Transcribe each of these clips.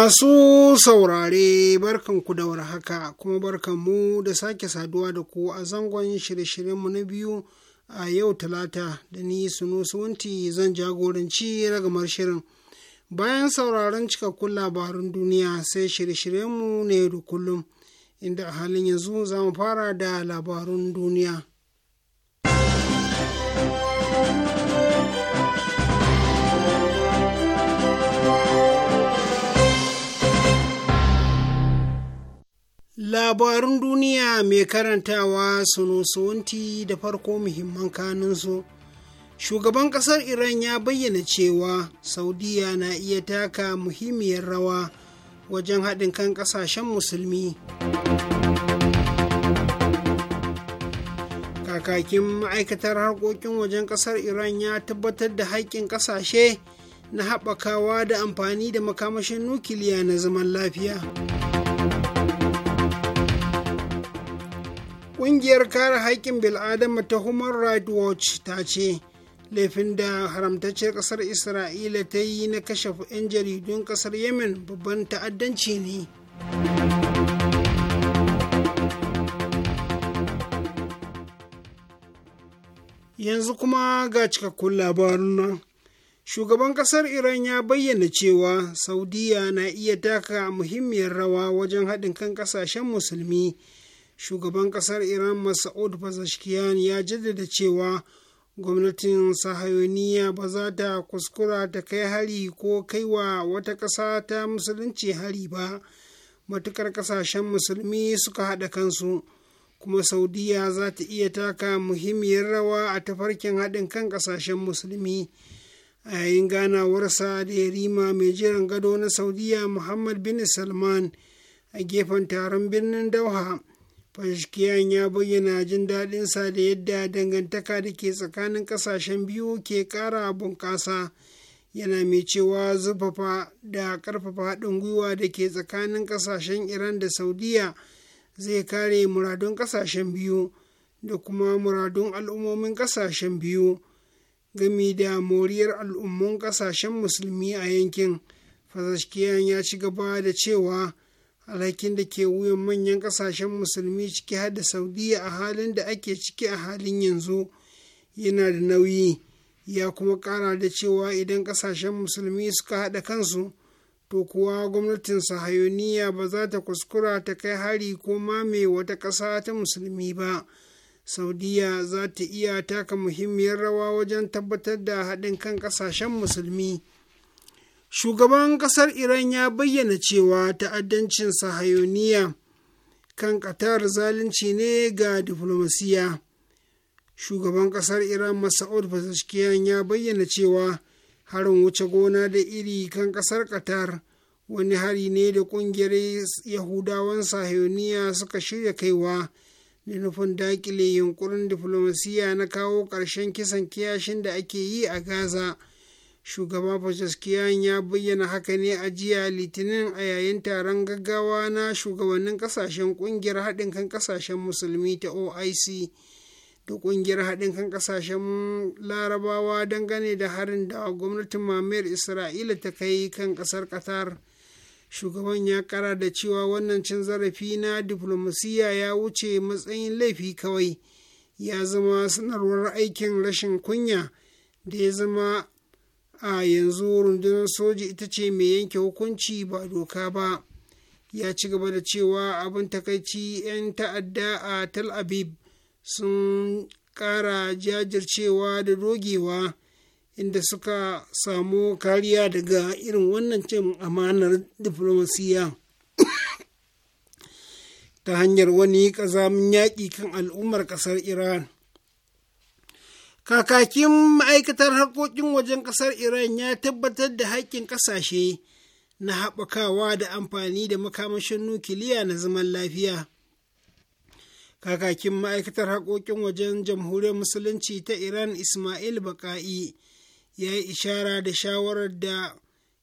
Masu saurare barkan ku da haka kuma barkan mu da sake saduwa da ku a zangon shirye-shiryenmu na biyu a yau talata da ni suno suwanti zan jagoranci ragamar shirin. Bayan sauraron cikakkun labarun duniya sai shirye-shiryenmu ne da kullum inda a halin yanzu za mu fara da labarun duniya. Labarun duniya mai karantawa sunusunti da farko muhimman kanunsu. Shugaban ƙasar Iran ya bayyana cewa Saudiya na iya taka muhimmiyar rawa wajen haɗin kan ƙasashen musulmi. Kakakin ma'aikatar harkokin wajen ƙasar Iran ya tabbatar da haƙƙin ƙasashe na haɓakawa da amfani da makamashin nukiliya na zaman lafiya. ƙungiyar kare haƙƙin bil'adama ta human rights watch ta ce laifin da haramtacciyar ƙasar isra'ila ta yi na kashe 'yan jaridun ƙasar yemen babban ta'addanci ne yanzu kuma ga cikakkun labarun nan shugaban ƙasar iran ya bayyana cewa saudiya na iya taka muhimmiyar rawa wajen haɗin kan ƙasashen musulmi shugaban kasar iran masa'ud pazashkiyan ya jaddada cewa gwamnatin sahayoniya ba za ta kuskura ta kai hari ko kaiwa wata ƙasa ta musulunci hari ba matukar ƙasashen musulmi suka haɗa kansu kuma saudiya za ta iya taka muhimmiyar rawa a tafarkin haɗin kan ƙasashen musulmi a yayin ganawarsa da yarima mai jiran gado na saudiya muhammad bin salman a gefen taron birnin dauha Pashkiyan ya bayyana jin daɗinsa da yadda dangantaka da ke tsakanin ƙasashen biyu ke ƙara bunƙasa yana mai cewa zurfafa da ƙarfafa haɗin gwiwa da ke tsakanin ƙasashen Iran da Saudiya zai kare muradun ƙasashen biyu da kuma muradun al'ummomin ƙasashen biyu gami da moriyar al'ummun ƙasashen musulmi a yankin. Fazashkiyan ya ci gaba da cewa. alhakin da ke wuyan manyan kasashen musulmi ciki har da saudiya a halin da ake ciki a halin yanzu yana da nauyi ya kuma kara da cewa idan kasashen musulmi suka haɗa kansu to kuwa gwamnatin sahayoniya ba za ta kuskura ta kai hari ko ma mai wata ƙasa ta musulmi ba saudiya za ta iya taka muhimmiyar rawa wajen tabbatar da haɗin kan ƙasashen musulmi shugaban kasar iran ya bayyana cewa ta'addancin sahayoniya kan ƙatar zalunci ne ga diflomasiya shugaban kasar iran masa'ud pezeshkian ya bayyana cewa harin wuce gona da iri kan kasar ƙatar wani hari ne da ƙungiyar yahudawan sahayoniya suka shirya kaiwa da nufin daƙile yunkurin diflomasiya na kawo ƙarshen kisan kiyashin da ake yi a gaza shugaban Pezeshkian ya bayyana haka ne a jiya litinin a yayin taron gaggawa na shugabannin kasashen kungiyar haɗin kan kasashen musulmi ta oic da kungiyar haɗin kan kasashen larabawa dangane da harin da gwamnatin mamayar isra'ila ta kai kan ƙasar qatar shugaban ya kara da cewa wannan cin zarafi na diflomasiya ya wuce matsayin laifi kawai ya zama sanarwar aikin rashin kunya da ya zama a yanzu rundunar soji ita ce mai yanke hukunci ba doka ba ya ci gaba da cewa abin takaici 'yan ta'adda a tel aviv sun kara jajircewa da dogewa inda suka samu kariya daga irin wannan cin amanar diflomasiya ta hanyar wani ƙazamin yaƙi kan al'ummar ƙasar iran Kakakin ma'aikatar harkokin wajen ƙasar Iran ya tabbatar da haƙƙin ƙasashe na haɓakawa da amfani da makamashin nukiliya na zaman lafiya. Kakakin ma'aikatar harkokin wajen jamhuriyar musulunci ta Iran Ismail Baƙa'i ya yi ishara da shawarar da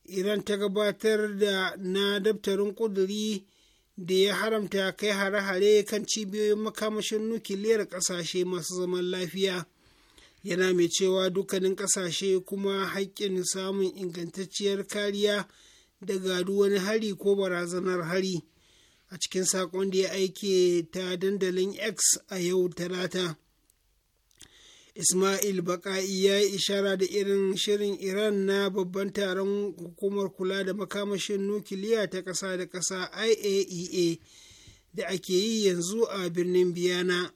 Iran ta gabatar da na daftarin ƙuduri da ya haramta kai hare-hare kan cibiyoyin makamashin nukiliyar ƙasashe masu zaman lafiya. yana mai cewa dukkanin ƙasashe kuma haƙƙin samun ingantacciyar kariya daga wani hari ko barazanar hari a cikin saƙon da ya aike ta dandalin x a yau talata ismail baƙa'i ya yi ishara da irin shirin iran na babban taron hukumar kula da makamashin nukiliya ta ƙasa da ƙasa iaea e da ake yi yanzu a birnin biyana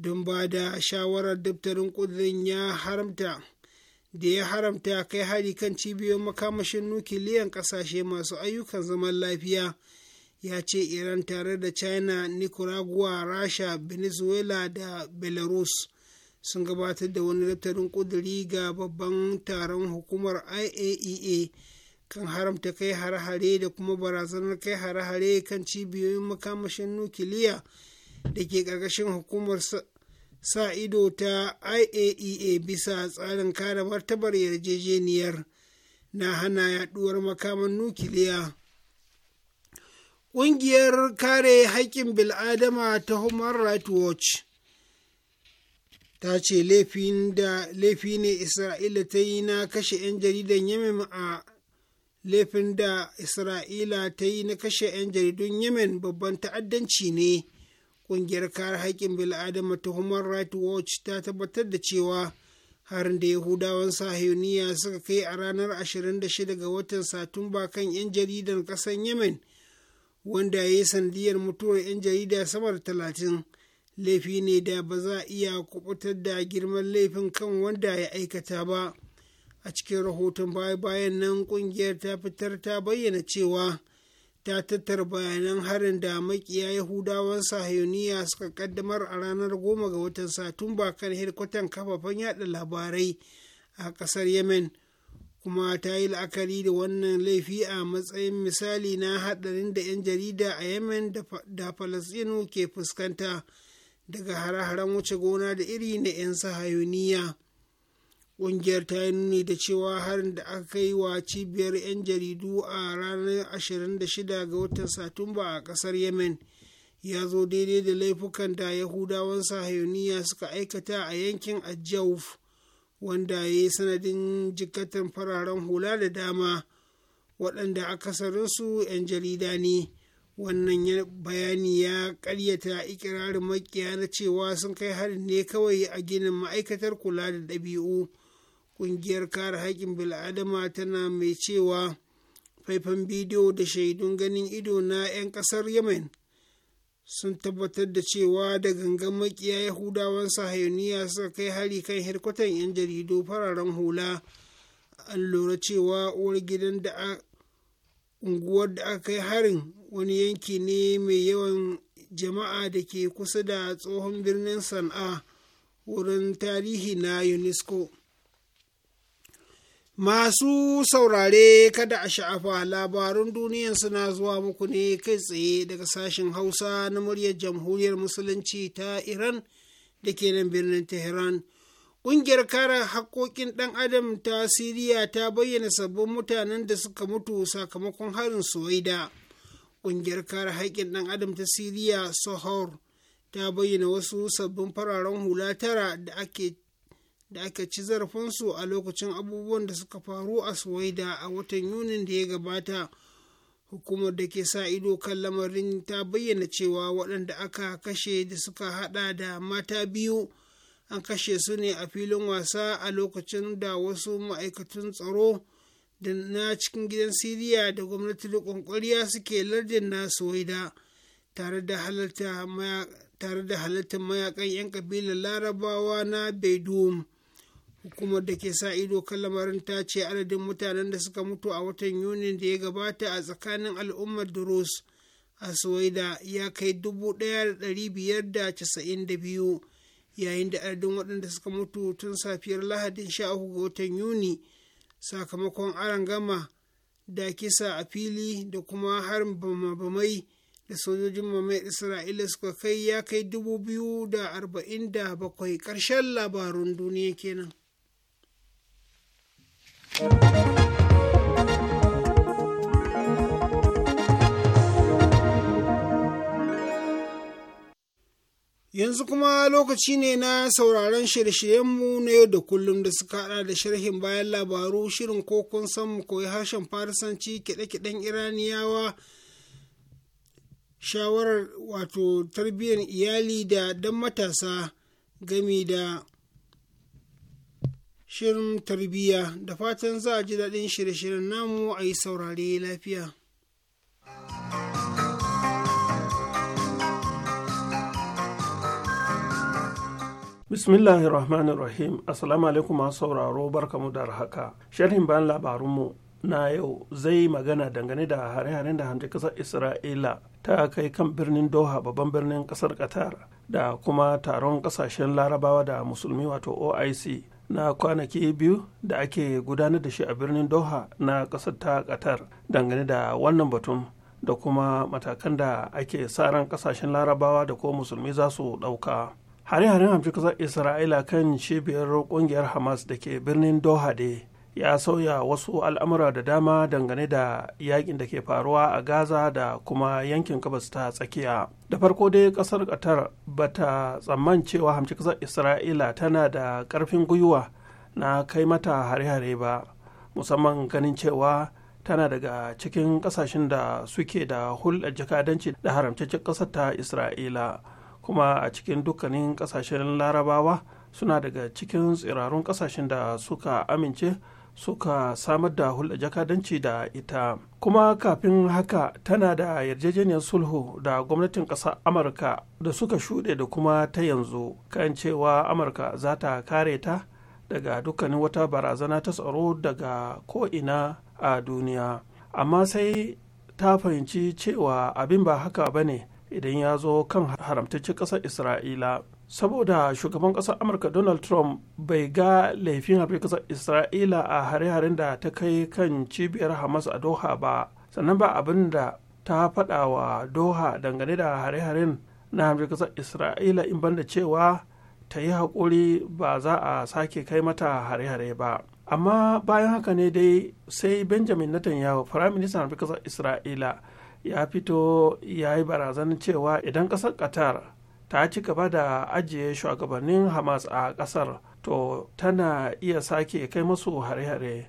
don ba da shawarar daftarin ƙudurin ya haramta da ya haramta kai hari kan cibiyoyin makamashin nukiliyan ƙasashe masu ayyukan zaman lafiya ya ce iran tare da china nicaragua rasha venezuela da belarus sun gabatar da wani daftarin ƙudiri ga babban taron hukumar iaea e kan haramta kai har hare da kuma barazanar kai hare-hare kan cibiyoyin makamashin nukiliya. da ke ƙarƙashin hukumar sa ido ta iaea e bisa tsarin kare martabar yarjejeniyar na hana yaduwar makaman nukiliya ƙungiyar kare haƙƙin bil'adama ta human rights watch ta ce laifi ne isra'ila ta yi na kashe 'yan jaridan yemen a laifin da isra'ila ta yi na kashe 'yan jaridun yemen babban ta'addanci ne ƙungiyar kare haƙƙin bil'adama ta human rights watch ta tabbatar da cewa harin da yahudawan sahiyoniya suka kai a ranar 26 ga watan satumba kan 'yan jaridan ƙasar yemen wanda ya yi sandiyar mutuwar 'yan jarida sama da talatin laifi ne da ba za a iya kubutar da girman laifin kan wanda ya aikata ba a cikin rahoton baya-bayan nan kungiyar ta fitar ta bayyana cewa ta tattara bayanan harin da makiya yahudawan sahiyoniya suka kaddamar a ranar goma ga watan satumba kan hirkwatan kafafen yada labarai a kasar yemen kuma ta yi la'akari da wannan laifi a matsayin misali na hadarin da 'yan jarida a yemen da falasɗinu ke fuskanta daga hare-haren wuce gona da iri na 'yan sahayoniya. Ƙungiyar ta yi nuni da cewa harin da aka kai wa cibiyar 'yan jaridu a ranar 26 ga watan Satumba a kasar Yemen ya zo daidai da laifukan da Yahudawan Sahayuniya suka aikata a yankin Ajauf wanda ya yi sanadin jikatan fararen hula da dama waɗanda akasarinsu 'yan jarida ne. Wannan bayani ya karyata ikirarin makiya na cewa sun kai harin ne kawai a ginin ma'aikatar kula da ɗabi'u. ƙungiyar kare haƙƙin bil'adama tana mai cewa faifan bidiyo da shaidun ganin ido na 'yan ƙasar yemen sun tabbatar da cewa da gangan makiya yahudawan sahayoniya suka kai hari kan hirkutan 'yan jaridu fararen hula an lura cewa uwar gidan da unguwar da aka kai harin wani yanki ne mai yawan jama'a da ke kusa da tsohon birnin sana'a wurin tarihi na unesco Masu saurare kada a sha'afa labarun duniyan suna zuwa muku ne kai tsaye daga sashen Hausa na muryar Jamhuriyar Musulunci ta Iran da ke nan birnin Tehran. Ƙungiyar kare haƙƙoƙin ɗan adam ta Siriya ta bayyana sabbin mutanen da suka mutu sakamakon harin Suwaida. Ƙungiyar kare haƙin ɗan adam ta Siriya Sohor ta bayyana wasu sabbin fararen hula tara da ake da aka ci zarafinsu a lokacin abubuwan da suka faru a suwaida a watan yunin da ya gabata hukumar da ke sa ido kan lamarin ta bayyana cewa waɗanda aka kashe da suka haɗa da mata biyu an kashe su ne a filin wasa a lokacin da wasu ma'aikatan tsaro da na cikin gidan siriya da gwamnati da riƙon suke lardin na suwaida tare da halarta halartar mayakan 'yan kabilar larabawa na beidou hukumar da ke sa ido kan lamarin ta ce adadin mutanen da suka mutu a watan yunin da ya gabata a tsakanin al'ummar duros a suwaida ya kai biyu, yayin da adadin waɗanda suka mutu tun safiyar lahadin sha uku ga watan yuni sakamakon arangama da kisa a fili da kuma harin bamai da sojojin mamai isra'ila suka kai ya kai bakwai ƙarshen labarun duniya kenan. Yanzu kuma lokaci ne na sauraron shirye-shiryenmu na yau da kullum da suka hada da sharhin bayan labaru shirin ko kun san mu koyi harshen farisanci kiɗe-kiɗen Iraniyawa shawarar wato tarbiyyar iyali da dan matasa gami da shirin tarbiyya da fatan za a ji daɗin shirye-shiryen namu a yi saurare lafiya. Bismillahir Rahmanir Rahim Assalamu alaikum masu sauraro barkamu da haka. Sharhin bayan labarunmu na yau zai magana dangane da hare-haren da hanji kasar Isra'ila ta kai kan birnin Doha babban birnin kasar Qatar da kuma taron kasashen larabawa da musulmi wato OIC na kwanaki biyu da ake gudanar da shi a birnin doha na ƙasar ta qatar dangane da wannan batun da kuma matakan da ake sa ran ƙasashen larabawa da ko musulmi za su ɗauka hare-haren hamshi ƙasar isra'ila kan cibiyar ƙungiyar hamas da ke birnin doha dai ya sauya wasu al'amura da dama dangane da yakin da ke faruwa a gaza da kuma yankin gabas ta tsakiya da farko dai kasar qatar ta tsamman cewa hamci kasar isra'ila tana da karfin gwiwa na kai mata hare-hare ba musamman ganin cewa tana daga cikin kasashen da suke da hulɗar jakadanci da haramtaccen ƙasar ta isra'ila kuma a cikin dukkanin kasashen larabawa suna daga cikin tsirarun kasashen da suka amince suka samar da hulɗa jakadanci da ita kuma kafin haka tana da yarjejeniyar sulhu da gwamnatin ƙasar amurka da suka shuɗe da kuma ta yanzu kan cewa amurka za ta kare ta daga dukkanin wata barazana ta tsaro daga ko'ina a duniya amma sai ta fahimci cewa abin ba haka ba ne idan ya zo kan haramtacci ƙasar isra'ila saboda shugaban kasar amurka donald trump bai ga laifin harbe kasar isra'ila a hare-haren da ta kai kan cibiyar hamas a doha ba sannan ba abin da ta fada wa doha dangane da hare-haren na harbe kasar isra'ila in banda cewa ta yi haƙuri ba za a sake kai mata hare-hare ba amma bayan haka ne dai sai benjamin netanyahu firaministan harbe kasar isra'ila ya fito ya yi barazanin cewa idan kasar qatar ta ci gaba da ajiye shugabannin hamas a kasar to tana iya sake kai masu hare-hare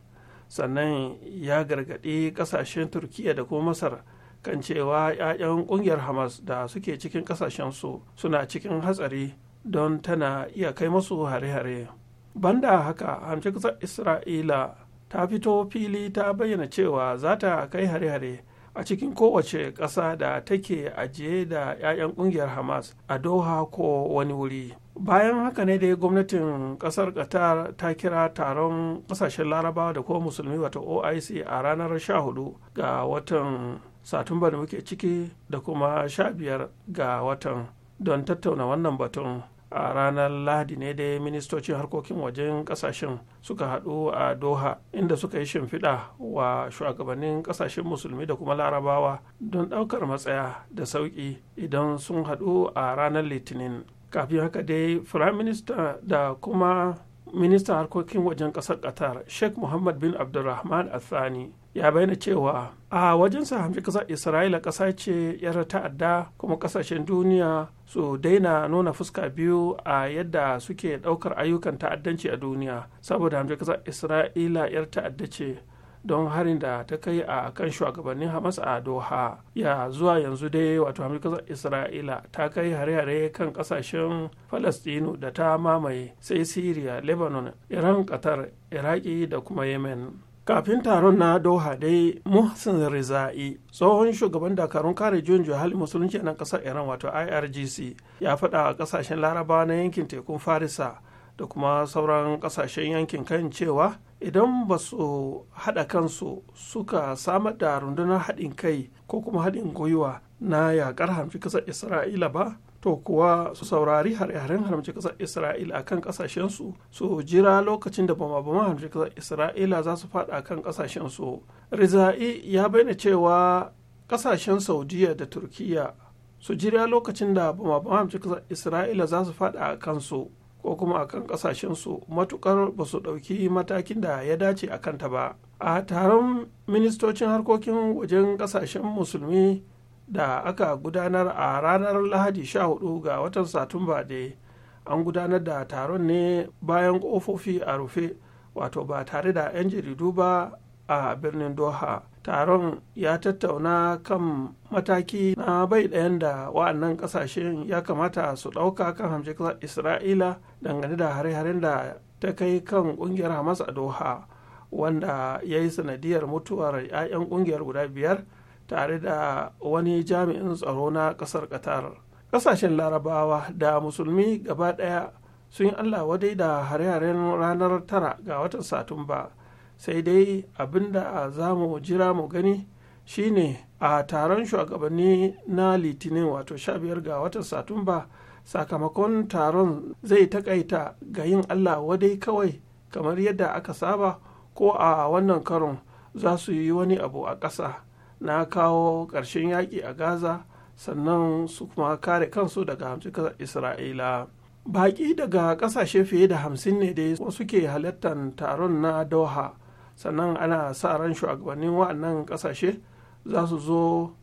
sannan ya gargaɗi ƙasashen turkiya da kuma masar kan cewa 'ya'yan ƙungiyar hamas da suke cikin ƙasashensu suna cikin hatsari don tana iya kai masu hare-hare banda haka hamshin ƙasar isra'ila ta fito fili ta bayyana cewa za ta kai hare-hare a cikin kowace ƙasa da take ajiye da 'ya'yan ƙungiyar hamas a doha ko wani wuri bayan haka ne dai gwamnatin ƙasar qatar ta kira taron ƙasashen larabawa da kuma musulmi wata oic a ranar 14 ga watan satumba da muke ciki da kuma 15 ga watan don tattauna wannan batun a ranar lahadi ne dai ministocin harkokin wajen kasashen suka hadu a doha inda suka yi shimfiɗa wa shugabannin kasashen musulmi da kuma larabawa don ɗaukar matsaya da sauƙi idan sun hadu a ranar litinin kafin haka dai firayim minista da kuma ministan harkokin wajen ƙasar qatar sheikh muhammad bin abdulrahman athani ya bayyana cewa a sa hamshi kasar isra'ila ƙasa ce yar ta'adda kuma ƙasashen duniya su daina nuna fuska biyu a yadda suke ɗaukar ayyukan ta'addanci a duniya saboda hamshi kasar isra'ila yar ta'adda ce don harin da ta kai a kan shugabannin hamas a doha ya zuwa yanzu dai wato kasar isra'ila ta kai hare-hare kan kasashen falastinu da ta mamaye sai syria lebanon iran qatar iraki da kuma yemen kafin taron na doha dai muhsin riza'i tsohon shugaban dakarun kare juyin juhal musulunci a nan kasar iran wato irgc ya faɗa a ƙasashen larabawa na yankin tekun farisa da kuma sauran ƙasashen yankin kan cewa idan ba su haɗa kansu suka samar da rundunar haɗin kai ko kuma haɗin gwiwa na yaƙar hanfi ƙasar isra'ila ba to kuwa su saurari hare-haren haramci kasar isra'ila a kan ƙasashensu su jira lokacin da bama-bama haramci kasar isra'ila za su faɗa a kan su. riza'i ya bayyana cewa ƙasashen saudiya da turkiya su jira lokacin da bama-bama haramci kasar isra'ila za su faɗa a kansu ko kuma a kan su, matuƙar ba su ɗauki matakin da ya dace a kanta ba a taron ministocin harkokin wajen ƙasashen musulmi da aka gudanar a ranar lahadi 14 ga watan satumba da an gudanar da taron ne bayan ƙofofi a rufe wato ba tare da 'yan jaridu ba a birnin doha taron ya tattauna kan mataki na bai ɗayan da wa'annan ƙasashen ya kamata su ɗauka kan hamjiklar isra'ila dangane da hare-haren da ta kai kan ƙungiyar hamas a doha wanda ya yi sanadiyar mutuwar 'ya'yan ƙungiyar guda biyar tare da wani jami'in tsaro na ƙasar qatar ƙasashen larabawa da musulmi gaba ɗaya sun yi allah wadai da hare-haren ranar tara ga watan satumba sai dai abinda za mu jira mu gani shine a taron shugabanni na litinin wato 15 ga watan satumba sakamakon taron zai takaita ga yin allah wadai kawai kamar yadda aka saba ko a wannan karon za su yi wani abu a ƙasa na kawo ƙarshen yaƙi a gaza sannan su kuma kare kansu daga hamsin ƙasar isra'ila baƙi daga ƙasashe fiye da hamsin ne dai suke halartar taron na doha sannan ana sa ran shugabannin waɗannan ƙasashe za su zo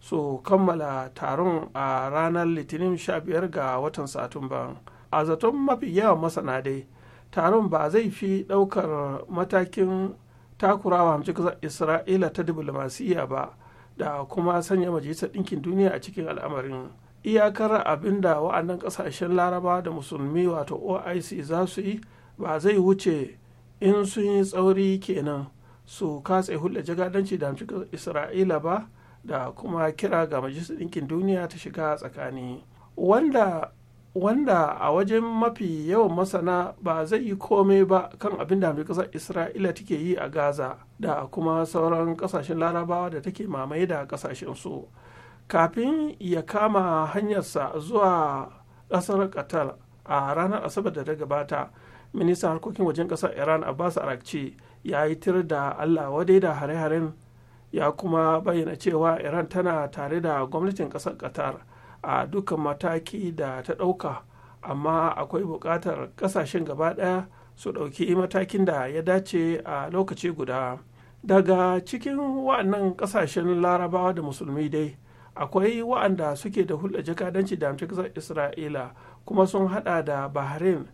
su kammala taron a ranar litinin 15 ga watan satumba a zaton mafi yawan masana dai taron ba zai fi ɗaukar matakin takurawa mace isra'ila ta diplomasiyya ba da kuma sanya majalisar ɗinkin duniya a cikin al'amarin iyakar abin da wa'annan ƙasashen laraba da musulmi wato oic za su yi ba zai wuce in sun yi tsauri kenan su katse hulɗa jagadanci da amci isra'ila ba da kuma kira ga majalisar ɗinkin duniya ta shiga tsakani wanda wanda a wajen mafi yawan masana ba zai yi komai ba kan abin da mai kasar isra'ila take yi a gaza da kuma sauran kasashen larabawa da take mamaye da su kafin ya kama hanyarsa zuwa kasar qatar a ranar asabar da ta gabata ministan harkokin wajen kasar iran abbas arakci ya yi tir da allah wadai da hare-haren ya kuma bayyana cewa iran tana tare da gwamnatin kasar qatar a dukkan mataki da ta ɗauka amma akwai buƙatar ƙasashen gaba ɗaya su ɗauki matakin da ya dace a lokaci guda daga cikin wa'annan ƙasashen larabawa da musulmi dai akwai wa'anda suke da hulɗa jakadanci da amsar isra'ila kuma sun hada da bahrain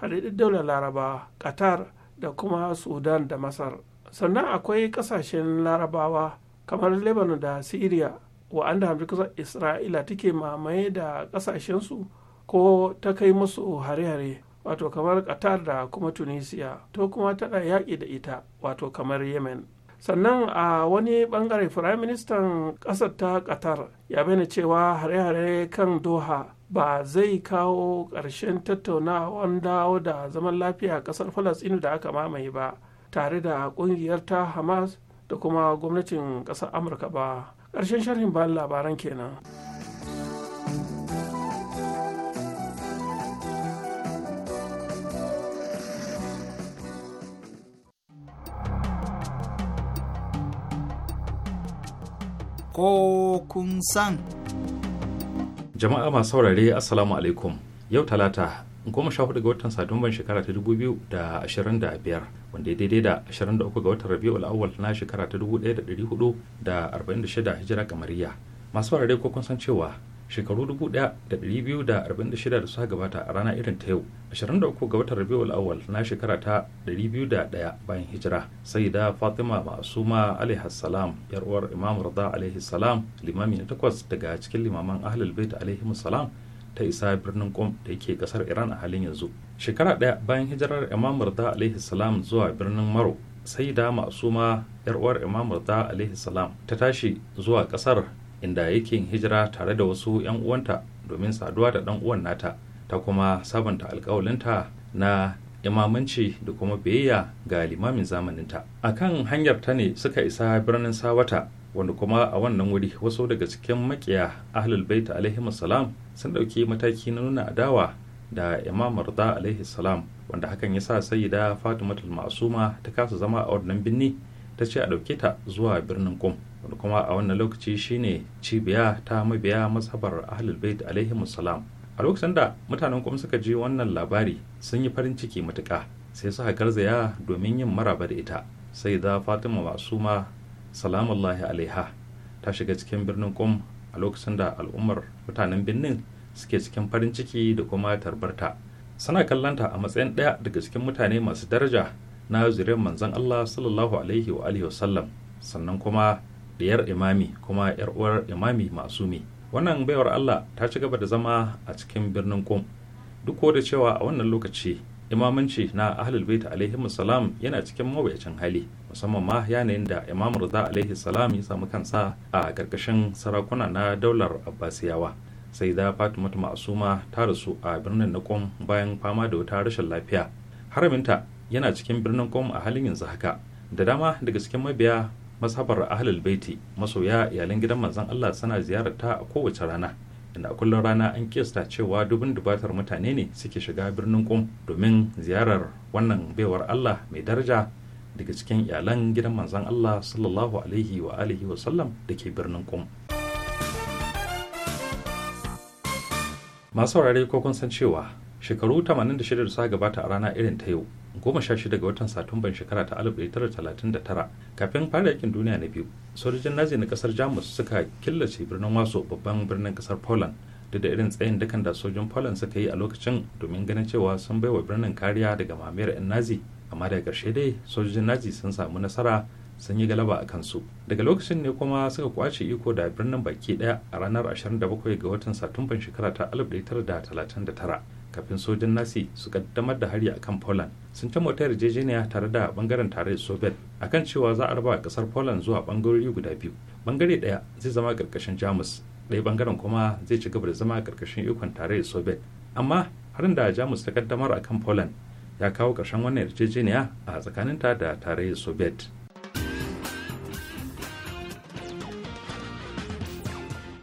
haɗaɗɗen daular larabawa qatar da kuma sudan da masar sannan akwai ƙasashen larabawa kamar lebanon da syria wa'anda hamdukasar isra'ila take mamaye da ƙasashensu ko ta kai musu hare-hare wato kamar qatar da kuma tunisia to kuma tana yaƙi da ita wato kamar yemen sannan a wani bangare firaministan ƙasar ta qatar ya bayyana cewa hare-hare kan doha ba zai kawo ƙarshen tattaunawan dawo da zaman lafiya ƙasar falasɗinu da aka mamaye ba tare da ƙungiyar ta hamas da kuma gwamnatin ƙasar amurka ba ƙarshen sharhin ba labaran kenan. Ko kun san. Jama'a masu saurare Assalamu alaikum yau talata goma sha hudu ga watan satumban shekara ta dubu biyu da ashirin da biyar wanda ya daidai da ashirin da uku ga watan rabi'u awwal na shekara ta dubu ɗaya da ɗari hudu da arba'in da shida hijira kamariya masu farare ko kun san cewa shekaru dubu ɗaya da ɗari biyu da arba'in da shida da suka gabata a rana irin ta yau ashirin da uku ga watan rabi'u awwal na shekara ta ɗari biyu da ɗaya bayan hijira sai da fatima ma'asuma alaihi salam yar uwar imam rada alaihi salam limami na takwas daga cikin limaman ahlul bait alaihi salam ta isa birnin Qom da yake kasar Iran a halin yanzu. Shekara ɗaya bayan hijirar Imam Murda alaihi salam zuwa birnin Maro, sai da Masuma yar uwar Imam Murda alaihi salam ta tashi zuwa kasar inda yake hijira tare da wasu 'yan uwanta domin saduwa da ɗan uwan nata ta kuma sabanta alkawalinta na imamanci da kuma biyayya ga limamin zamaninta a kan hanyar ta ne suka isa birnin sawata wanda kuma a wannan wuri wasu daga cikin makiya ahlul bait alaihi salam sun ɗauki mataki na nuna adawa da imam marda alaihi salam wanda hakan ya sa sayyida fatimatul masuma ta kasa zama a wannan binni ta ce a ɗauke ta zuwa birnin kum wanda kuma a wannan lokaci shine cibiya ta mabiya masabar ahlul bait alaihi salam a lokacin da mutanen kum suka ji wannan labari sun yi farin ciki matuƙa sai suka garzaya domin yin maraba da ita sai da fatima masuma salamullahi alaiha ta shiga cikin birnin kum a lokacin da al'ummar mutanen birnin suke cikin farin ciki da kuma tarbarta sana kallanta a matsayin ɗaya daga cikin mutane masu daraja na zuriyar manzon Allah sallallahu alaihi wa alihi wasallam sannan kuma diyar imami kuma yar uwar imami masumi wannan baiwar Allah ta ci gaba da zama a cikin birnin kum duk da cewa a wannan lokaci imamanci na ahlul bait alaihi salam yana cikin mawuyacin hali musamman ma yanayin da imam rida alaihi salam ya samu kansa a karkashin sarakuna na daular abbasiyawa sai da fatimatu ma'asuma ta rasu a birnin na kom bayan fama da wata rashin lafiya haraminta yana cikin birnin kom a halin yanzu haka da dama daga cikin mabiya masabar ahlul baiti masoya iyalan gidan manzon Allah suna ziyararta a kowace rana inda a kullum rana an kiyasta cewa dubin dubatar mutane ne suke shiga birnin kum domin ziyarar wannan baiwar Allah mai daraja daga cikin iyalan gidan manzan Allah sallallahu alaihi wa alihi wa sallam da ke birnin Qom. Masu saurare ko kun san cewa shekaru 86 da suka gabata a rana irin ta yau goma sha shida ga watan satumban shekara ta 1939 kafin fara yakin duniya na biyu sojojin nazi na kasar jamus suka killace birnin wasu babban birnin kasar poland duk da irin tsayin dukan da sojin poland suka yi a lokacin domin ganin cewa sun baiwa birnin kariya daga mamayar 'yan nazi amma daga ƙarshe dai sojojin nazi sun samu nasara sun yi galaba a kansu daga lokacin ne kuma suka kwace iko da birnin baki daya a ranar 27 ga watan satumban shekara ta 1939 kafin sojin nasi su kaddamar da hari akan poland sun ta mota yarjejeniya tare da bangaren tarayyar soviet kan cewa za a raba kasar poland zuwa bangarori guda biyu bangare daya zai zama karkashin jamus ɗaya bangaren kuma zai ci gaba da zama karkashin ikon tarayyar soviet amma harin da jamus ta kaddamar akan poland ya kawo ƙarshen wannan yarjejeniya a tsakaninta da tarayyar soviet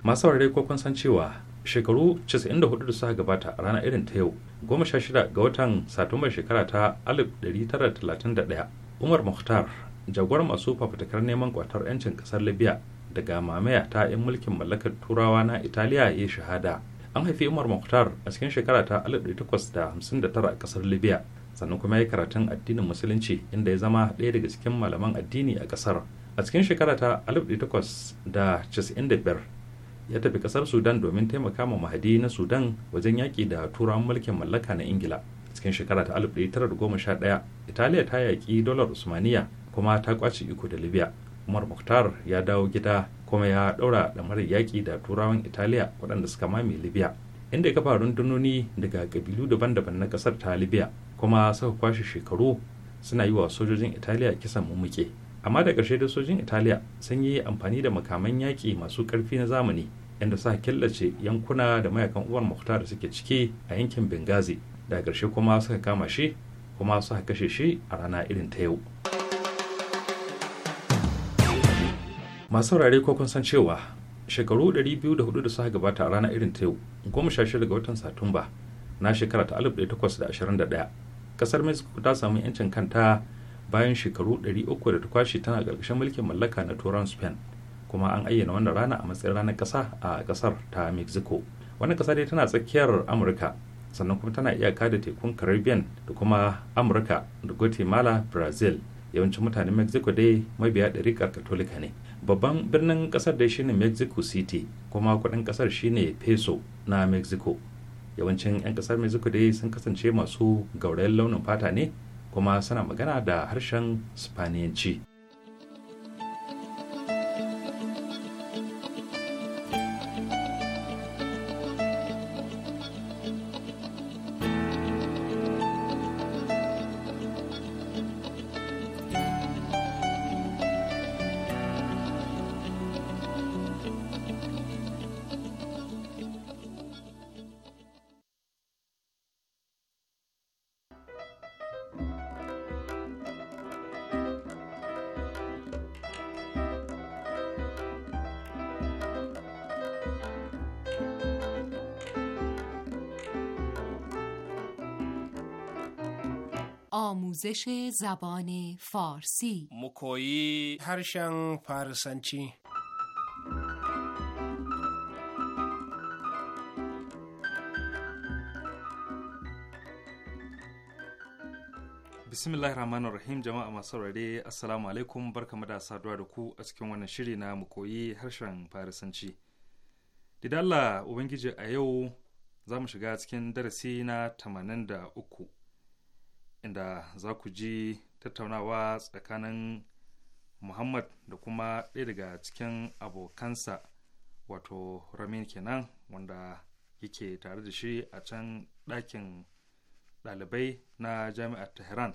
masu saurare ko kun san cewa shekaru 94 da suka gabata a ranar irin ta yau 16 ga watan satumbar shekara ta 1931 umar muhtar jagoran masu fafutukar neman kwatar 'yancin kasar libya daga mamaya ta 'yan mulkin mallakar turawa na italiya ya shahada an haifi umar muhtar a cikin shekara ta 1859 a kasar libya sannan kuma ya yi karatun addinin musulunci inda ya zama ɗaya daga cikin malaman addini a ƙasar a cikin shekara ta 1895 ya tafi ƙasar sudan domin taimaka ma mahadi na sudan wajen yaƙi da turawan mulkin mallaka na ingila cikin shekara ta 1911 italiya ta yaƙi dolar usmaniya kuma ta kwace iko da libya umar muktar ya dawo gida kuma ya ɗaura mara yaƙi da turawan italiya waɗanda suka mame libya inda ya kafa rundunoni daga kabilu daban-daban na ƙasar ta libya kuma suka kwashe shekaru suna yi wa sojojin italiya kisan mummuke amma da ƙarshe da sojojin italiya sun yi amfani da makaman yaƙi masu ƙarfi na zamani inda suka killace yankuna da mayakan uwar mafuta da suke ciki a yankin bengazi da ƙarshe kuma suka kama shi kuma suka kashe shi a rana irin ta yau masu saurare ko kun san cewa shekaru 204 da suka gabata a rana irin ta yau goma sha ga watan satumba na shekara ta 1821 kasar mexico ta samu yancin kanta bayan shekaru 300 da ta kwashe tana ƙarƙashin mulkin mallaka na turan spain kuma an ayyana wannan rana a matsayin ranar kasa a ƙasar ta mexico wannan ƙasa dai tana tsakiyar amurka sannan kuma tana iyaka da tekun caribbean da kuma amurka da guatemala brazil yawancin mutanen mexico dai mabiya ɗariƙar katolika ne babban birnin ƙasar dai shine mexico city kuma kuɗin ƙasar shine peso na mexico yawancin 'yan kasar mexico dai sun kasance masu gaurayen launin fata ne kuma suna magana da harshen spaniyanci آموزش زبان فارسی مکویی هرشن فارسنچی bismillahir rahmanir rahim jama'a masu saurare assalamu alaikum barka da saduwa da ku a cikin wannan shiri na mu koyi harshen farisanci didalla ubangiji a yau za mu shiga cikin darasi na 83 inda za ku ji tattaunawa tsakanin muhammad da kuma ɗaya daga cikin abokansa wato ramin kenan wanda yake tare da shi a can ɗakin ɗalibai na jami'ar tehran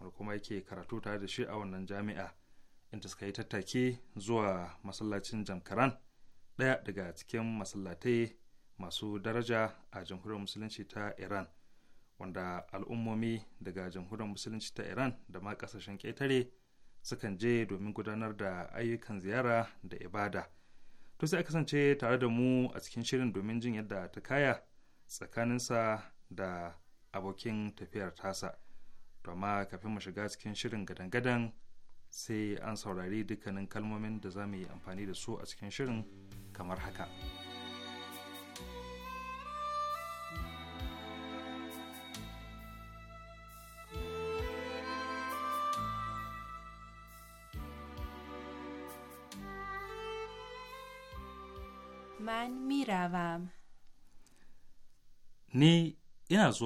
wanda kuma yake karatu tare da shi a wannan jami'a inda suka yi tattaki zuwa masallacin jamkaran ɗaya daga cikin masallatai masu daraja a jamhuriyar musulunci ta iran wanda al'ummomi daga jamhuriyar musulunci ta iran da ma kasashen ƙetare sukan je domin gudanar da ayyukan ziyara da ibada to sai a kasance tare da mu a cikin shirin domin jin yadda ta kaya tsakaninsa da abokin tafiyar tasa to amma kafin mu shiga cikin shirin gadan-gadan sai an saurari dukkanin kalmomin da za mu yi amfani da su a cikin shirin kamar haka. من می نی این از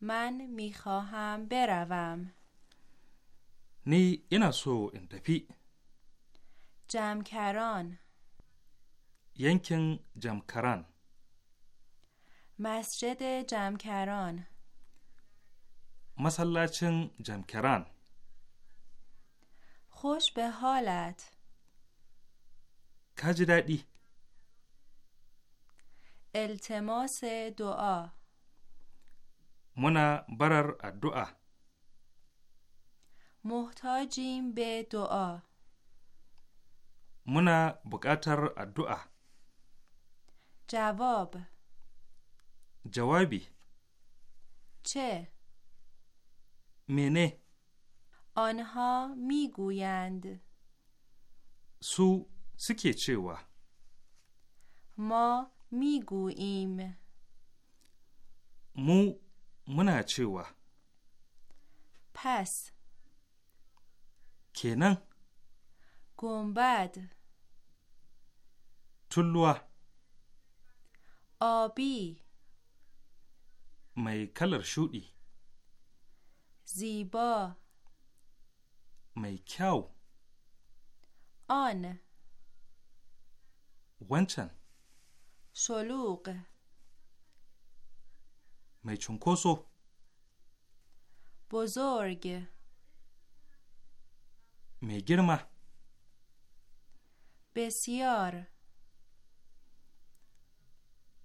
من می خواهم بروم نی این از این تفی جمکران ینکن جمکران مسجد جمکران مسلاچن جمکران خوش به حالت ka ji daɗi. Eltemose du'a Muna barar addu’a. Muhtajin be du'a. Muna buƙatar addu’a. Jawab. Jawabi. Ce. Mene. آنها میگویند Su. suke cewa ma mi guim mu muna cewa pass kenan gombad tulluwa obi mai kalar shudi ziba mai kyau on ونچن می چون کوسو بزرگ میگرما بسیار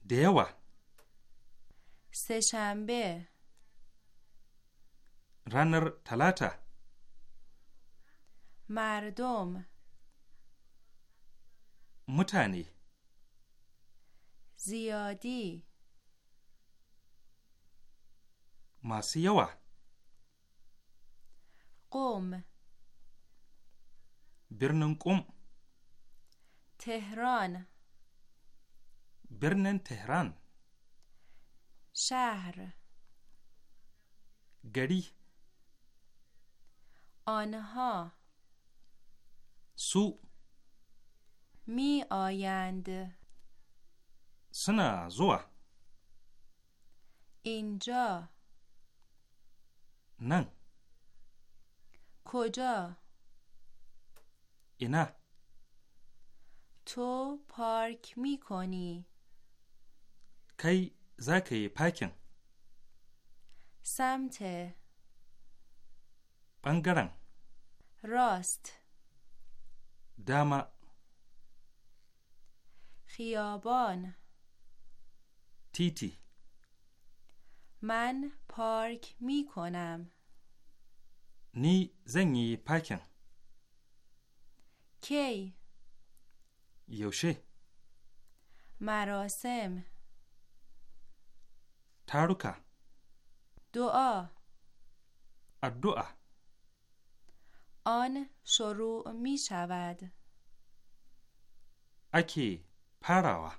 دیوا سهشنبه رنر تلاتا مردم mutane ziyadi masu yawa ƙom birnin ƙom tehran birnin tehran shahar gari آنها Su. می آیند سنا زوا اینجا نن کجا اینا تو پارک می کنی کی زکی پاکن سمت بنگرن راست داما خیابان تیتی من پارک می کنم نی زنگی پاکن کی یوشه مراسم تاروکا دعا الدعا آن شروع می شود اکی پروا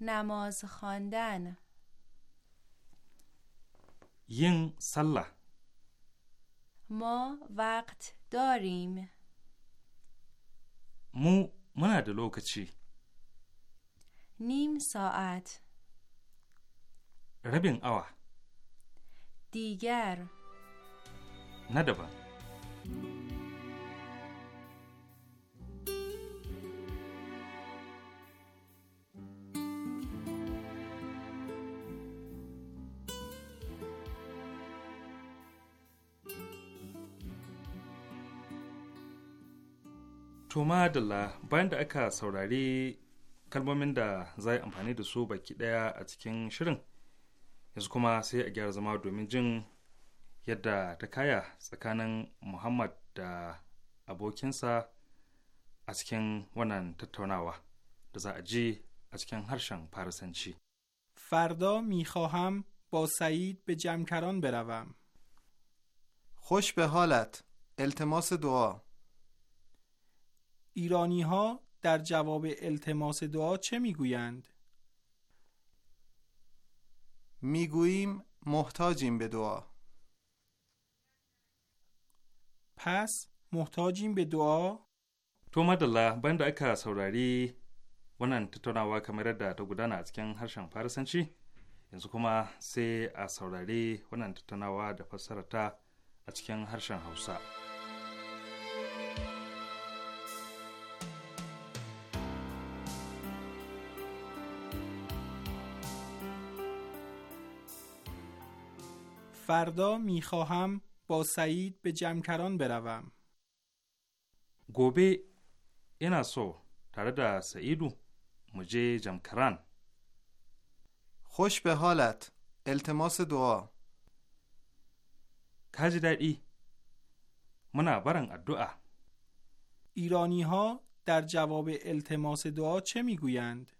نماز خواندن ین سلا ما وقت داریم مو منا د لوکچی نیم ساعت ربین اوا دیگر ندبا thank mm -hmm. you To bayan da aka saurari kalmomin da za yi amfani da su baki ɗaya a cikin shirin yanzu kuma sai a gyara zama domin jin yadda ta kaya tsakanin Muhammad da abokinsa a cikin wannan tattaunawa da za a ji a cikin harshen Farisanci. فردا میخواهم با سعید به جمکران بروم خوش به حالت التماس دعا ایرانی ها در جواب التماس دعا چه میگویند؟ میگوییم محتاجیم به دعا پس محتاجیم به دعا To madalla banda aka saurari wannan tattaunawa kamar yadda ta gudana a cikin harshen Farisanci, yanzu kuma sai a saurari wannan tattaunawa da fassarata a cikin harshen Hausa. فردا میخواهم با سعید به جمکران بروم گوبه اینا سو تره سعیدو مجه جمکران خوش به حالت التماس دعا کجی دادی منا برن دعا. ایرانی ها در جواب التماس دعا چه میگویند؟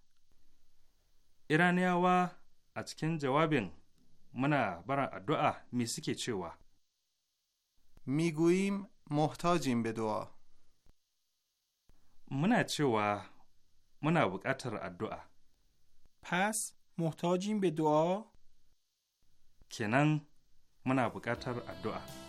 و از کن جوابین muna barin addu'a me suke cewa Miguim muhtajin به muna cewa muna buƙatar addu'a Fas muhtajin به kenan muna buƙatar addu'a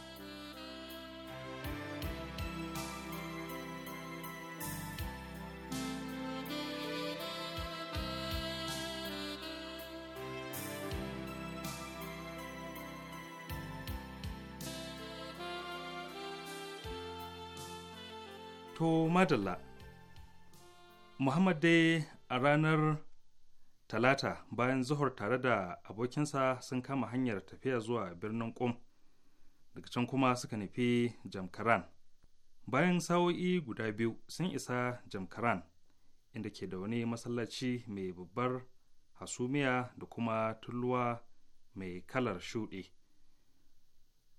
To madalla, Muhammad dai a ranar Talata bayan zuhur tare da abokinsa sun kama hanyar tafiya zuwa birnin ƙum daga can kuma suka nufi Jamkaran. Bayan sa'o'i guda biyu sun isa Jamkaran, inda ke da wani masallaci mai babbar hasumiya da kuma tulluwa mai kalar shuɗi.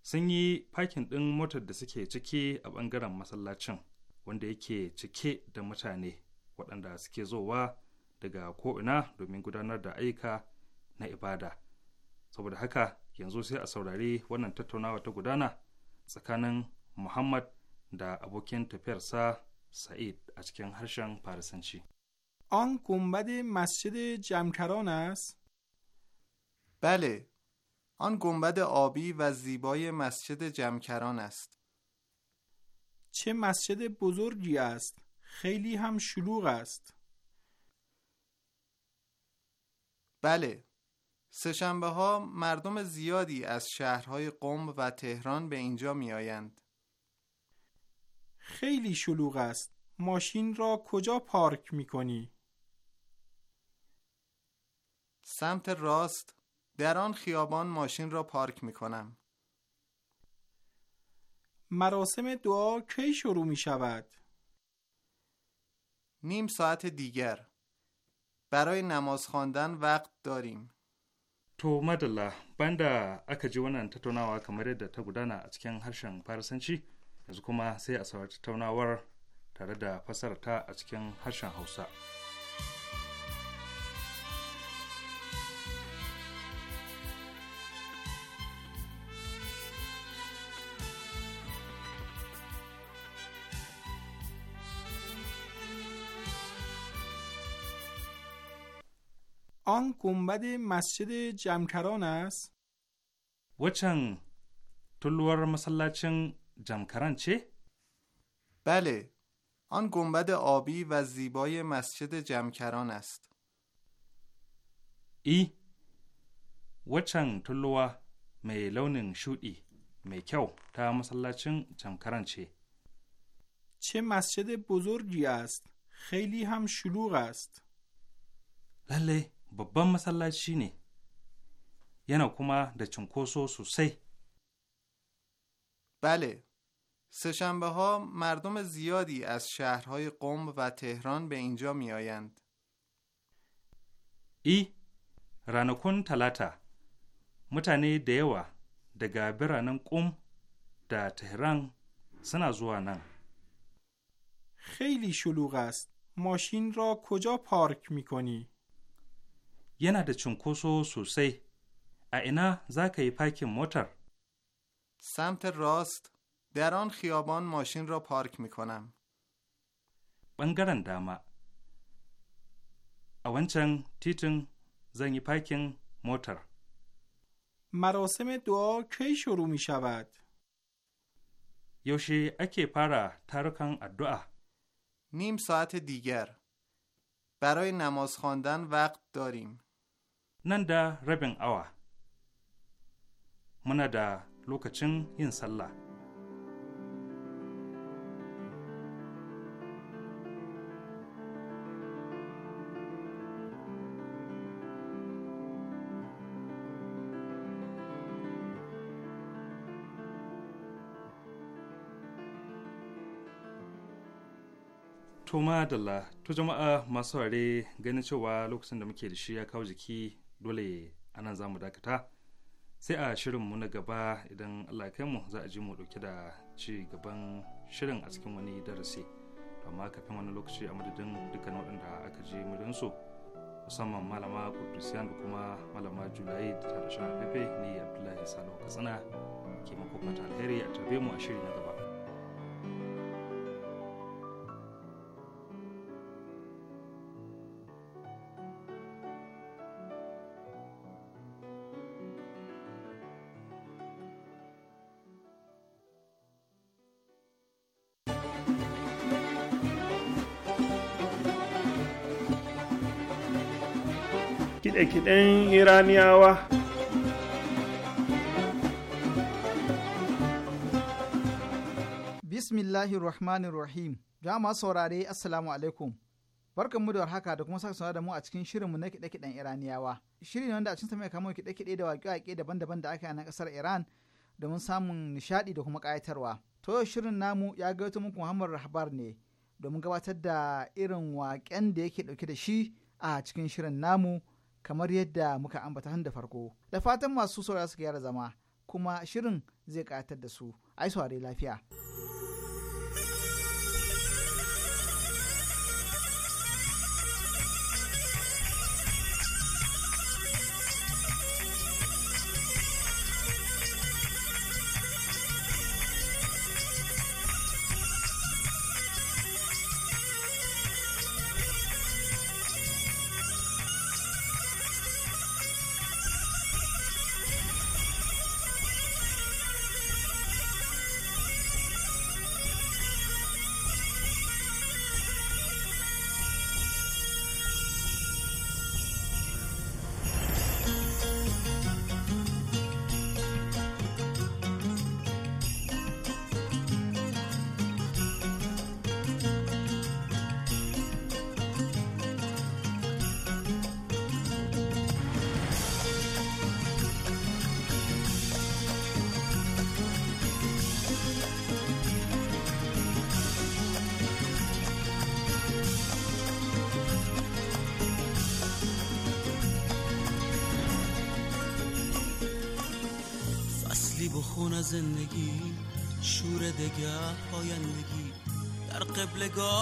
Sun yi fakin ɗin motar da suke ciki a ɓangaren masallacin. wanda yake cike da mutane waɗanda suke zowa daga ko'ina domin gudanar da aika na ibada saboda haka yanzu sai a saurari wannan tattaunawa ta gudana tsakanin muhammad da abokin tafiyarsa sa'id a cikin harshen farisanci آن gumbadi مسجد جمکران است؟ بله، آن گنبد آبی و زیبای مسجد جمکران است. چه مسجد بزرگی است خیلی هم شلوغ است بله سهشنبه ها مردم زیادی از شهرهای قم و تهران به اینجا می آیند. خیلی شلوغ است. ماشین را کجا پارک می کنی؟ سمت راست در آن خیابان ماشین را پارک می کنم. مراسم دعا کی شروع می شود؟ نیم ساعت دیگر برای نماز خواندن وقت داریم. To madalla banda aka ji wannan tattaunawa kamar yadda ta gudana a cikin harshen faransanci yanzu kuma sai a saurari tattaunawar tare da fasarta a cikin harshen Hausa. آن گنبد مسجد جمکران است؟ وچن تلوار مسلاچن جمکران چه؟ بله آن گنبد آبی و زیبای مسجد جمکران است ای وچن تلوار می لونین شودی می کیو تا مسلاچن جمکران چه؟ چه مسجد بزرگی است خیلی هم شلوغ است بله؟ babban masallaci ne yana kuma da cinkoso sosai بله سهشنبه ها مردم زیادی از شهرهای قم و تهران به اینجا می آیند. ای رانکون تلاتا متنه دیوا دگا برانن قم دا تهران سنا زوانن خیلی شلوغ است ماشین را کجا پارک می کنی؟ yana da cunkoso sosai. A ina za ka yi fakin motar? سمت راست در آن خیابان ماشین را پارک می کنم. بنگرن داما اوانچن تیتن زنی پاکین موتر مراسم دعا کی شروع می شود؟ یوشی اکی پارا ترکن نیم ساعت دیگر برای نماز خواندن وقت داریم. nan da rabin awa muna da lokacin yin sallah da la, to jama'a masu ware ganin cewa lokacin da muke da shi ya kawo jiki dole anan za mu dakata sai a shirinmu na gaba idan allah kai mu za a ji mu dauke da ci gaban shirin a cikin wani darasi amma kafin wani lokaci a madadin dukkan waɗanda aka je su musamman malama kudusiyan da kuma malama julai da tarashin ne ni abdullahi salo katsina ke mako fata alheri a tarbe mu a shiri na gaba iraniyawa bismillahir rahmanir rahim jama saurare assalamu alaikum mu da warhaka da kuma saka sanar da mu a cikin shirinmu na kiɗe-kiɗen iraniyawa shiri ne wanda a cikin mai kamo kiɗe-kiɗe da waƙe-waƙe daban-daban da aka yi a ƙasar iran domin samun nishaɗi da kuma ƙayatarwa to shirin namu ya gaito muku muhammad rahbar ne domin gabatar da irin waƙen da yake ɗauke da shi a cikin shirin namu kamar yadda muka ambata tun da farko da fatan masu saurara suka gyara zama kuma shirin zai ƙayatar da su ai saurari lafiya.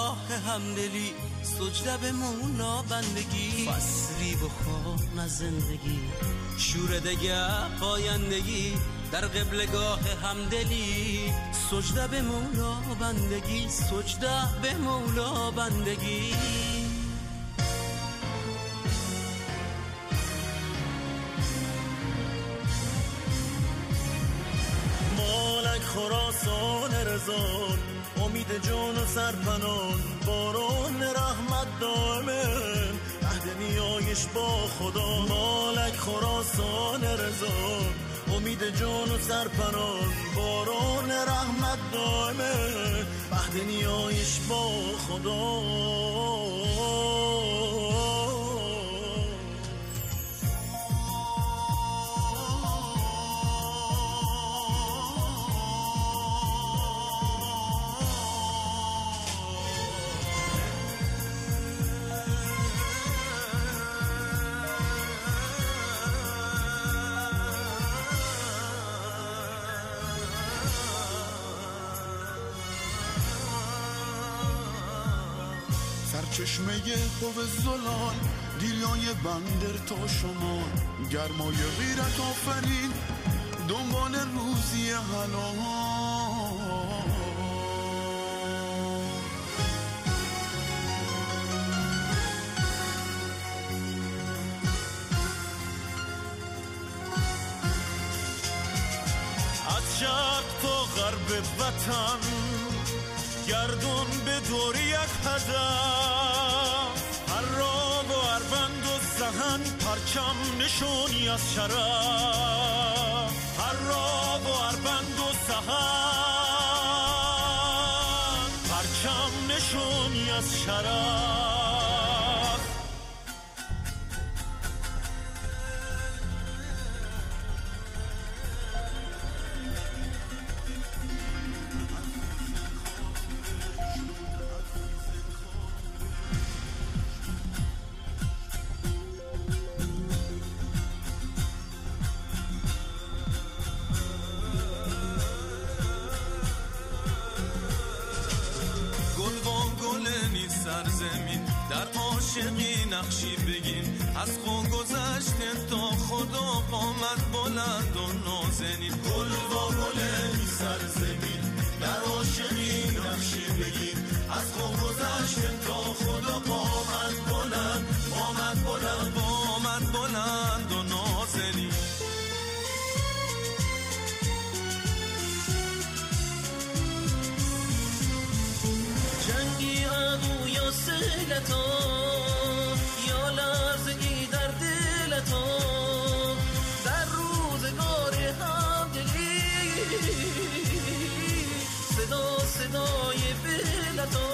راه همدلی سجده به مونا بندگی فصلی بخوان از زندگی شور دگه پایندگی در قبلگاه همدلی سجده به مولا بندگی سجده به مولا بندگی مالک خراسان رزان امید جون و سرپنان باران رحمت دائمه عهد نیایش با خدا مالک خراسان رضا امید جان و سرپنان باران رحمت دائمه عهد نیایش با خدا یه خوب زلال دیریای بندر تا شما گرمای غیرت آفرین دنبال روزی حلال از شرق غرب وطن گردون به دور یک هدف نشونی از شراب صدای بلتو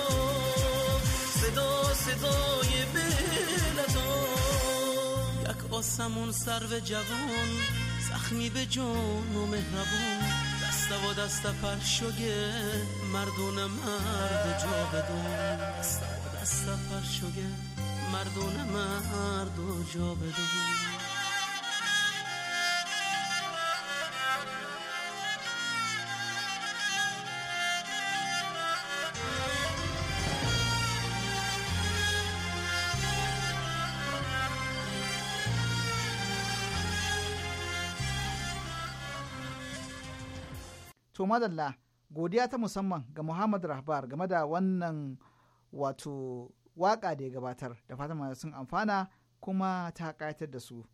صدا صدای بلتو یک آسمون سر و جوان زخمی به جان و مهربون دست و دست پرشگه مردون مرد جاودون دست و دست پرشگه مردون مرد و To madalla godiya ta musamman ga Muhammad Rahbar game da wannan wato waka da ya gabatar da fatan masu sun amfana kuma ta ƙayatar da su.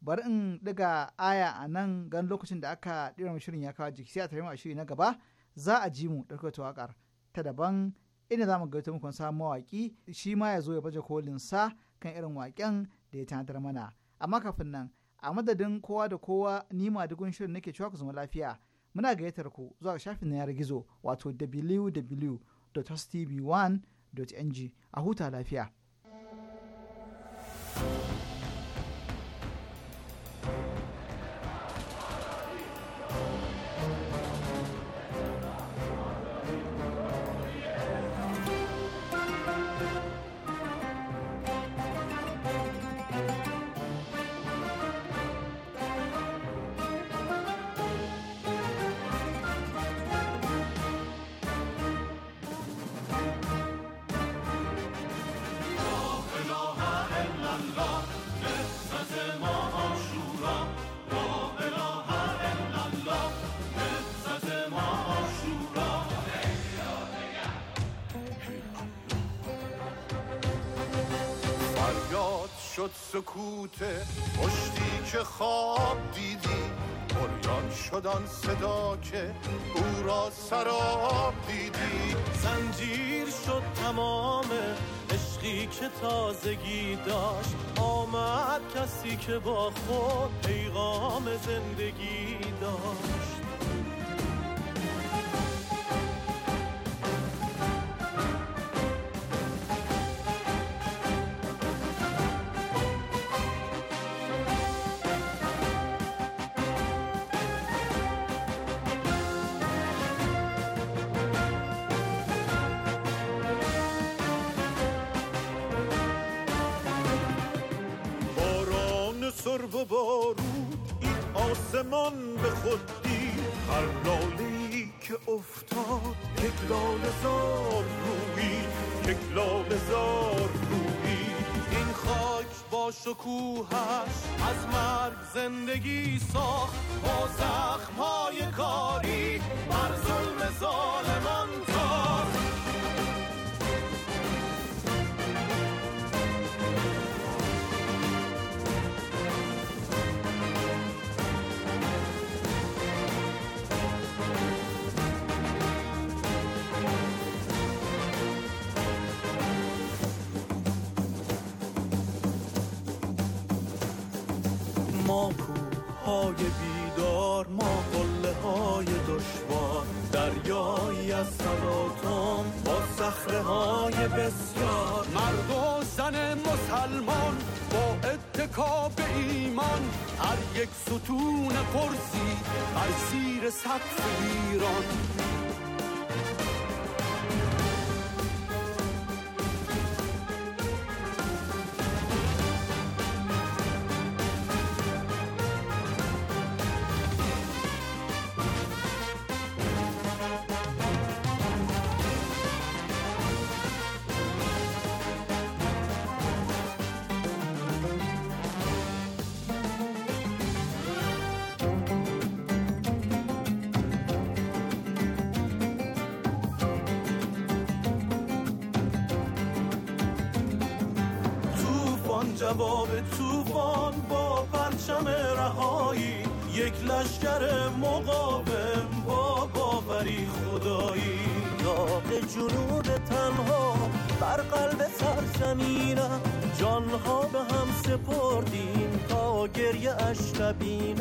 Bari in ɗiga aya a nan gan lokacin da aka ɗira shirin ya kawo jiki sai a shiri na gaba za a ji mu ɗauke ta ta daban inda za mu gaita muku samun mawaƙi shi ma ya zo ya baje kolin sa kan irin waƙen da ya tanadar mana. Amma kafin nan a madadin kowa da kowa ni ma dugun shirin nake cewa ku zama lafiya. muna gayyatar ku zuwa shafin na yanar gizo wato www.hostv1.ng a huta lafiya. آن صدا که او را سراب دیدی زنجیر شد تمام عشقی که تازگی داشت آمد کسی که با خود پیغام زندگی داشت چون پرسی بر زیر سطح ایران 何必？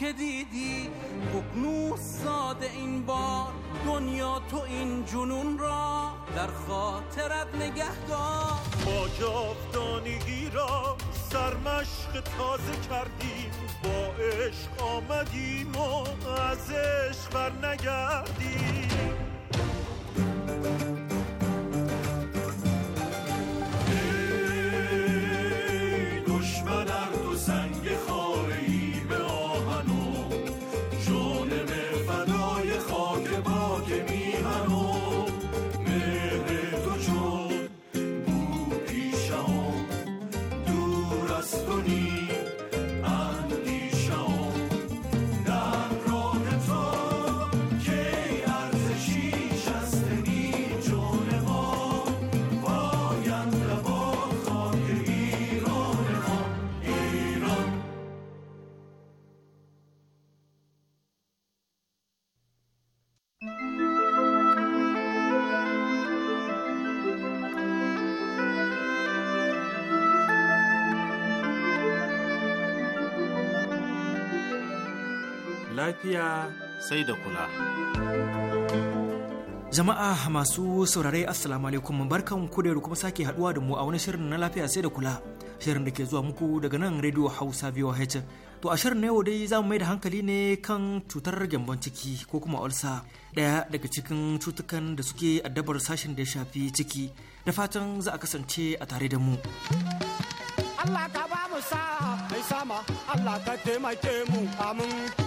که دیدی ققنوس ساده این بار دنیا تو این جنون را در خاطرت نگهدار با جاودانگی را سرمشق تازه کردیم با عشق آمدیم و از عشق بر lafiya sai da kula. Jama'a masu saurare Assalamu alaikum barkan ku da kuma sake haduwa da mu a wani shirin na lafiya sai da kula. Shirin da ke zuwa muku daga nan Radio Hausa VOH. To a shirin na yau dai za mu mai da hankali ne kan cutar gyambon ciki ko kuma ulsa daya daga cikin cutukan da suke addabar sashen da ya shafi ciki da fatan za a kasance a tare da mu. Allah ka ba mu sa mai sama Allah ka taimake mu amin.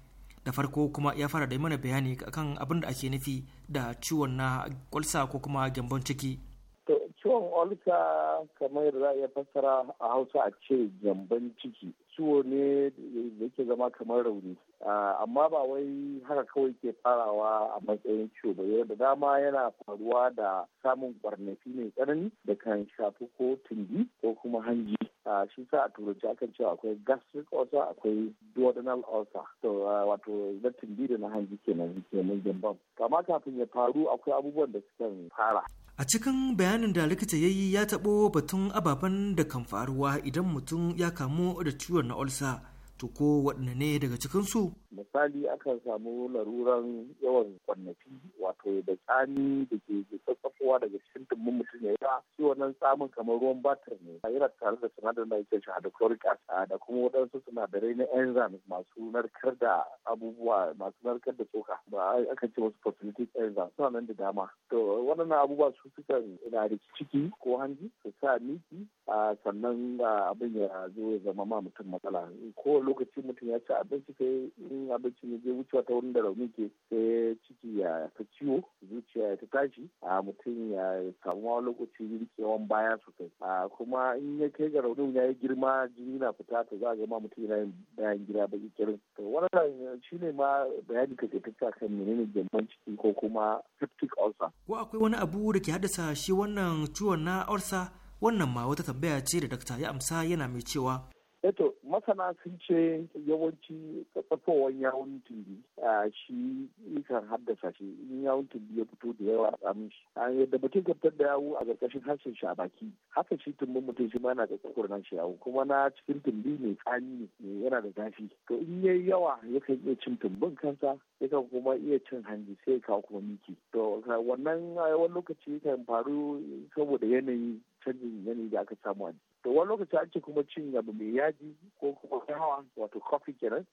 da farko kuma ya fara da mana bayani kan abin da ake nufi da ciwon na kwalsa ko kuma gyambon ciki ciwon olka kamar yadda za a iya fassara a hausa a ce jamban ciki ciwo ne da ke zama kamar rauni ah, amma ba wai haka kawai ke farawa a matsayin ciwo ba yau da dama yana faruwa da samun kwarnafi mai tsanani da kan shafi ko tumbi ko kuma hanji a ah, shi sa a turanci akan cewa akwai gastric ulcer akwai duodenal ulcer to ah, wato na da na hanji kenan kenan gyamban kama kafin ya faru akwai abubuwan da sukan fara a cikin bayanin da likita ya yi ya taɓo batun ababen da kan faruwa idan mutum ya kamu da ciwon na olsa to ko waɗanne ne daga cikinsu misali akan samu laruran yawan kwannafi wato da tsani da ke tsatsafowa daga cikin tumbin mutum ya yawa shi wannan samun kamar ruwan batir ne yana tare da sinadarin da yake shi hydrochloric acid da kuma waɗansu sinadarai na enzymes masu narkar da abubuwa masu narkar da tsoka ba akan ce wasu phosphatic enzymes suna nan da dama to waɗannan abubuwa su suka na da ciki ko hanji su sa miki sannan abin ya zo ya zama ma mutum matsala ko lokaci mutum ya ci abinci sai in abincin ya je wucewa ta wurin da rauni ke sai ciki ya ta ciwo zuciya ya ta tashi a mutum ya samu wani lokaci rikewan baya sosai a kuma in ya kai ga raunin ya yi girma jini na fita to za a ga ma mutum yana yin bayan gida baki kirin to wannan shine ma bayani ka ta kan menene gyamban ciki ko kuma septic ulcer ko akwai wani abu da ke haddasa shi wannan ciwon na ulcer wannan ma wata tambaya ce da dakta ya amsa yana mai cewa eto eh masana sun ce yawanci tsatsowar yawon tumbi shi kan haddasa shi in yawon tumbi ya fito da yawa a tsamin shi yadda mutum gabtar da yawo a ƙarƙashin harshen shi a baki haka shi tumbin mutum shi ma yana da nan shi yawo kuma na cikin tumbi mai tsani ne yana da zafi to in yi yawa yakan iya cin tumbin kansa yakan kuma iya cin hanji sai ya kawo kuma miki to wannan wani lokaci kan faru saboda yanayi canjin yanayi da aka samu a to wani lokaci an ce kuma cin abu mai yaji ko kuma hawa wato coffee kenan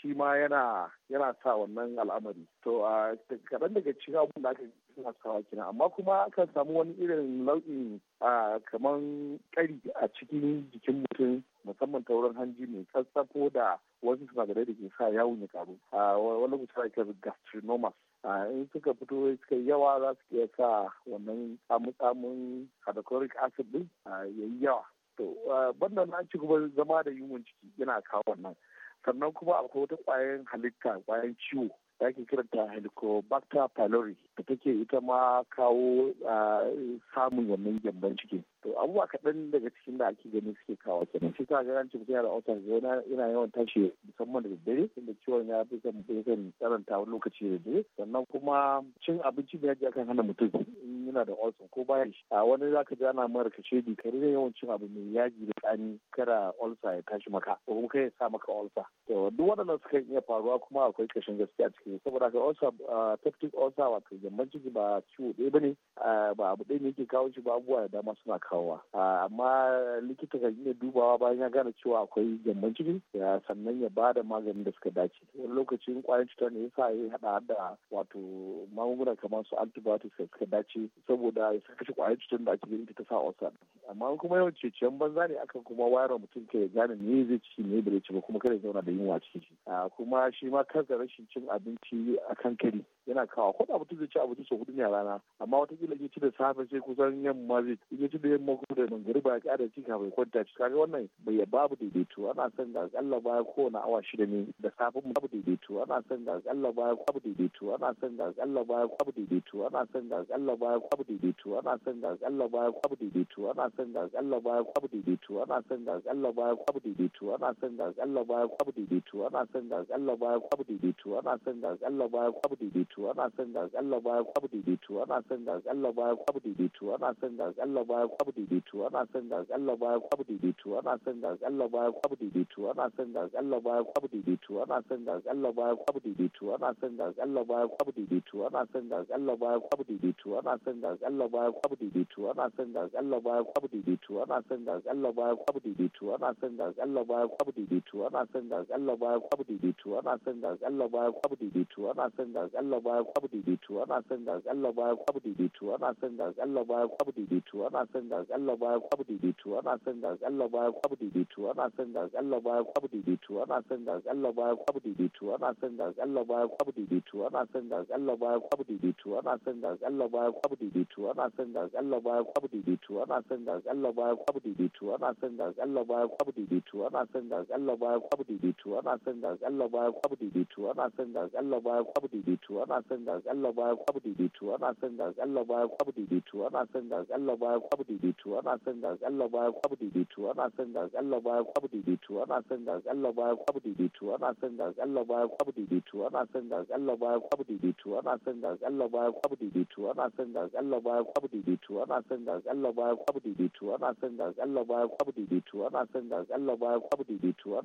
shi ma yana yana sa wannan al'amari to kaɗan daga cikin abun da aka sun haskawa kenan amma kuma akan samu wani irin nau'in kamar kari a cikin jikin mutum musamman ta hanji mai tsatsafo da wasu sinadarai da ke sa yawon ya karu a wani mutum ake a in suka fito suka yi yawa za su iya sa wannan tsamutsamun hydrochloric acid din ya yi yawa to banda na ci kuma zama da yunwan ciki yana kawo wannan sannan kuma akwai wata kwayan halitta kwayan ciwo da ake kiranta helicobacter pylori da take ita ma kawo samun wannan gyamban ciki. to abubuwa kaɗan daga cikin da ake gani suke kawo kenan shi ka gani cikin yana da yana yawan tashi musamman da daddare inda ciwon ya fi kan kan karanta wani lokaci da dare sannan kuma cin abinci da yaji akan hana mutum in yana da ulcer ko baya shi a wani zaka ka jana mara kashe di kare da yawan cin abu mai yaji da tsani kada ulcer ya tashi maka ko kuma kai ya sa maka ulcer to duk waɗannan sukan iya faruwa kuma akwai kashin gaskiya cikin ne saboda ka ulcer peptic osa wato gyamban ciki ba ciwo ɗaya bane ba abu ɗaya ne yake kawo shi ba abubuwa da dama suna kawowa amma likita kan iya dubawa bayan ya gane cewa akwai gyamban ciki sannan ya ba da maganin da suka dace wani lokacin kwayan cutar ne yasa ya haɗa da wato magunguna kamar su antibiotics da suka dace saboda ya saka kashe kwayan cutar da ake ta sa ulcer amma kuma yawan ciciyan banza ne akan kuma wayar mutum kai gane me zai ci ne bai ci ba kuma kada ya zauna da yunwa cikin shi kuma shi ma kansa rashin cin abinci abinci a kan kari yana kawo ko da mutum zai ci abinci sau hudu ne a rana amma watakila ya ci da safe sai kusan yamma zai ya ci da yamma ko da ba ya kada ci kafin kwanta ci kaga wannan bai babu daidaito ana son ga akalla baya kowane awa shida ne da safe babu daidaito ana son ga akalla baya babu daidaito ana son ga akalla baya babu daidaito ana son ga akalla baya babu daidaito ana son ga akalla baya babu daidaito ana son ga akalla baya babu daidaito ana son ga akalla baya babu daidaito ana son ga akalla baya babu daidaito ana son ga akalla baya babu daidaito ana son ga ga akalla baya kwabu daidaito ana son ga akalla baya kwabu daidaito ana son ga akalla baya kwabu daidaito ana son ga akalla baya kwabu daidaito ana son ga akalla baya kwabu daidaito ana son ga kwabu daidaito ana son ga kwabu daidaito ana son ga kwabu daidaito ana son ga kwabu daidaito ana son ga kwabu daidaito ana son ga kwabu daidaito ana son ga kwabu daidaito ana son ga kwabu daidaito ana son ga kwabu daidaito ana son ga kwabu daidaito ana son ga kwabu daidaito daidaito ana son ga akalla baya kwab daidaito ana son ga akalla baya kwab daidaito ana son ga akalla baya kwab daidaito ana son ga akalla baya kwab daidaito ana son ga akalla baya kwab daidaito ana son ga akalla baya kwab daidaito ana son ga akalla baya kwab daidaito ana son ga akalla baya kwab daidaito ana son ga akalla baya kwab daidaito ana son ga akalla baya kwab daidaito ana son ga akalla baya kwab daidaito ana son ga akalla baya kwab daidaito ana son ga akalla baya kwab daidaito ana son ga akalla baya kwab daidaito ana son ga akalla daidaito ana son ga akalla akalla baya kwab daidaito ana son ga akalla baya kwab daidaito ana son ga akalla baya kwab daidaito ana son ga akalla baya kwab daidaito ana son ga akalla baya kwab daidaito ana son ga akalla baya kwab daidaito ana son ga akalla baya kwab daidaito ana son ga daidaito ana son ga daidaito ana son ga daidaito ana son ga daidaito ana son ga daidaito ana son ga daidaito ana son ga daidaito ana son ga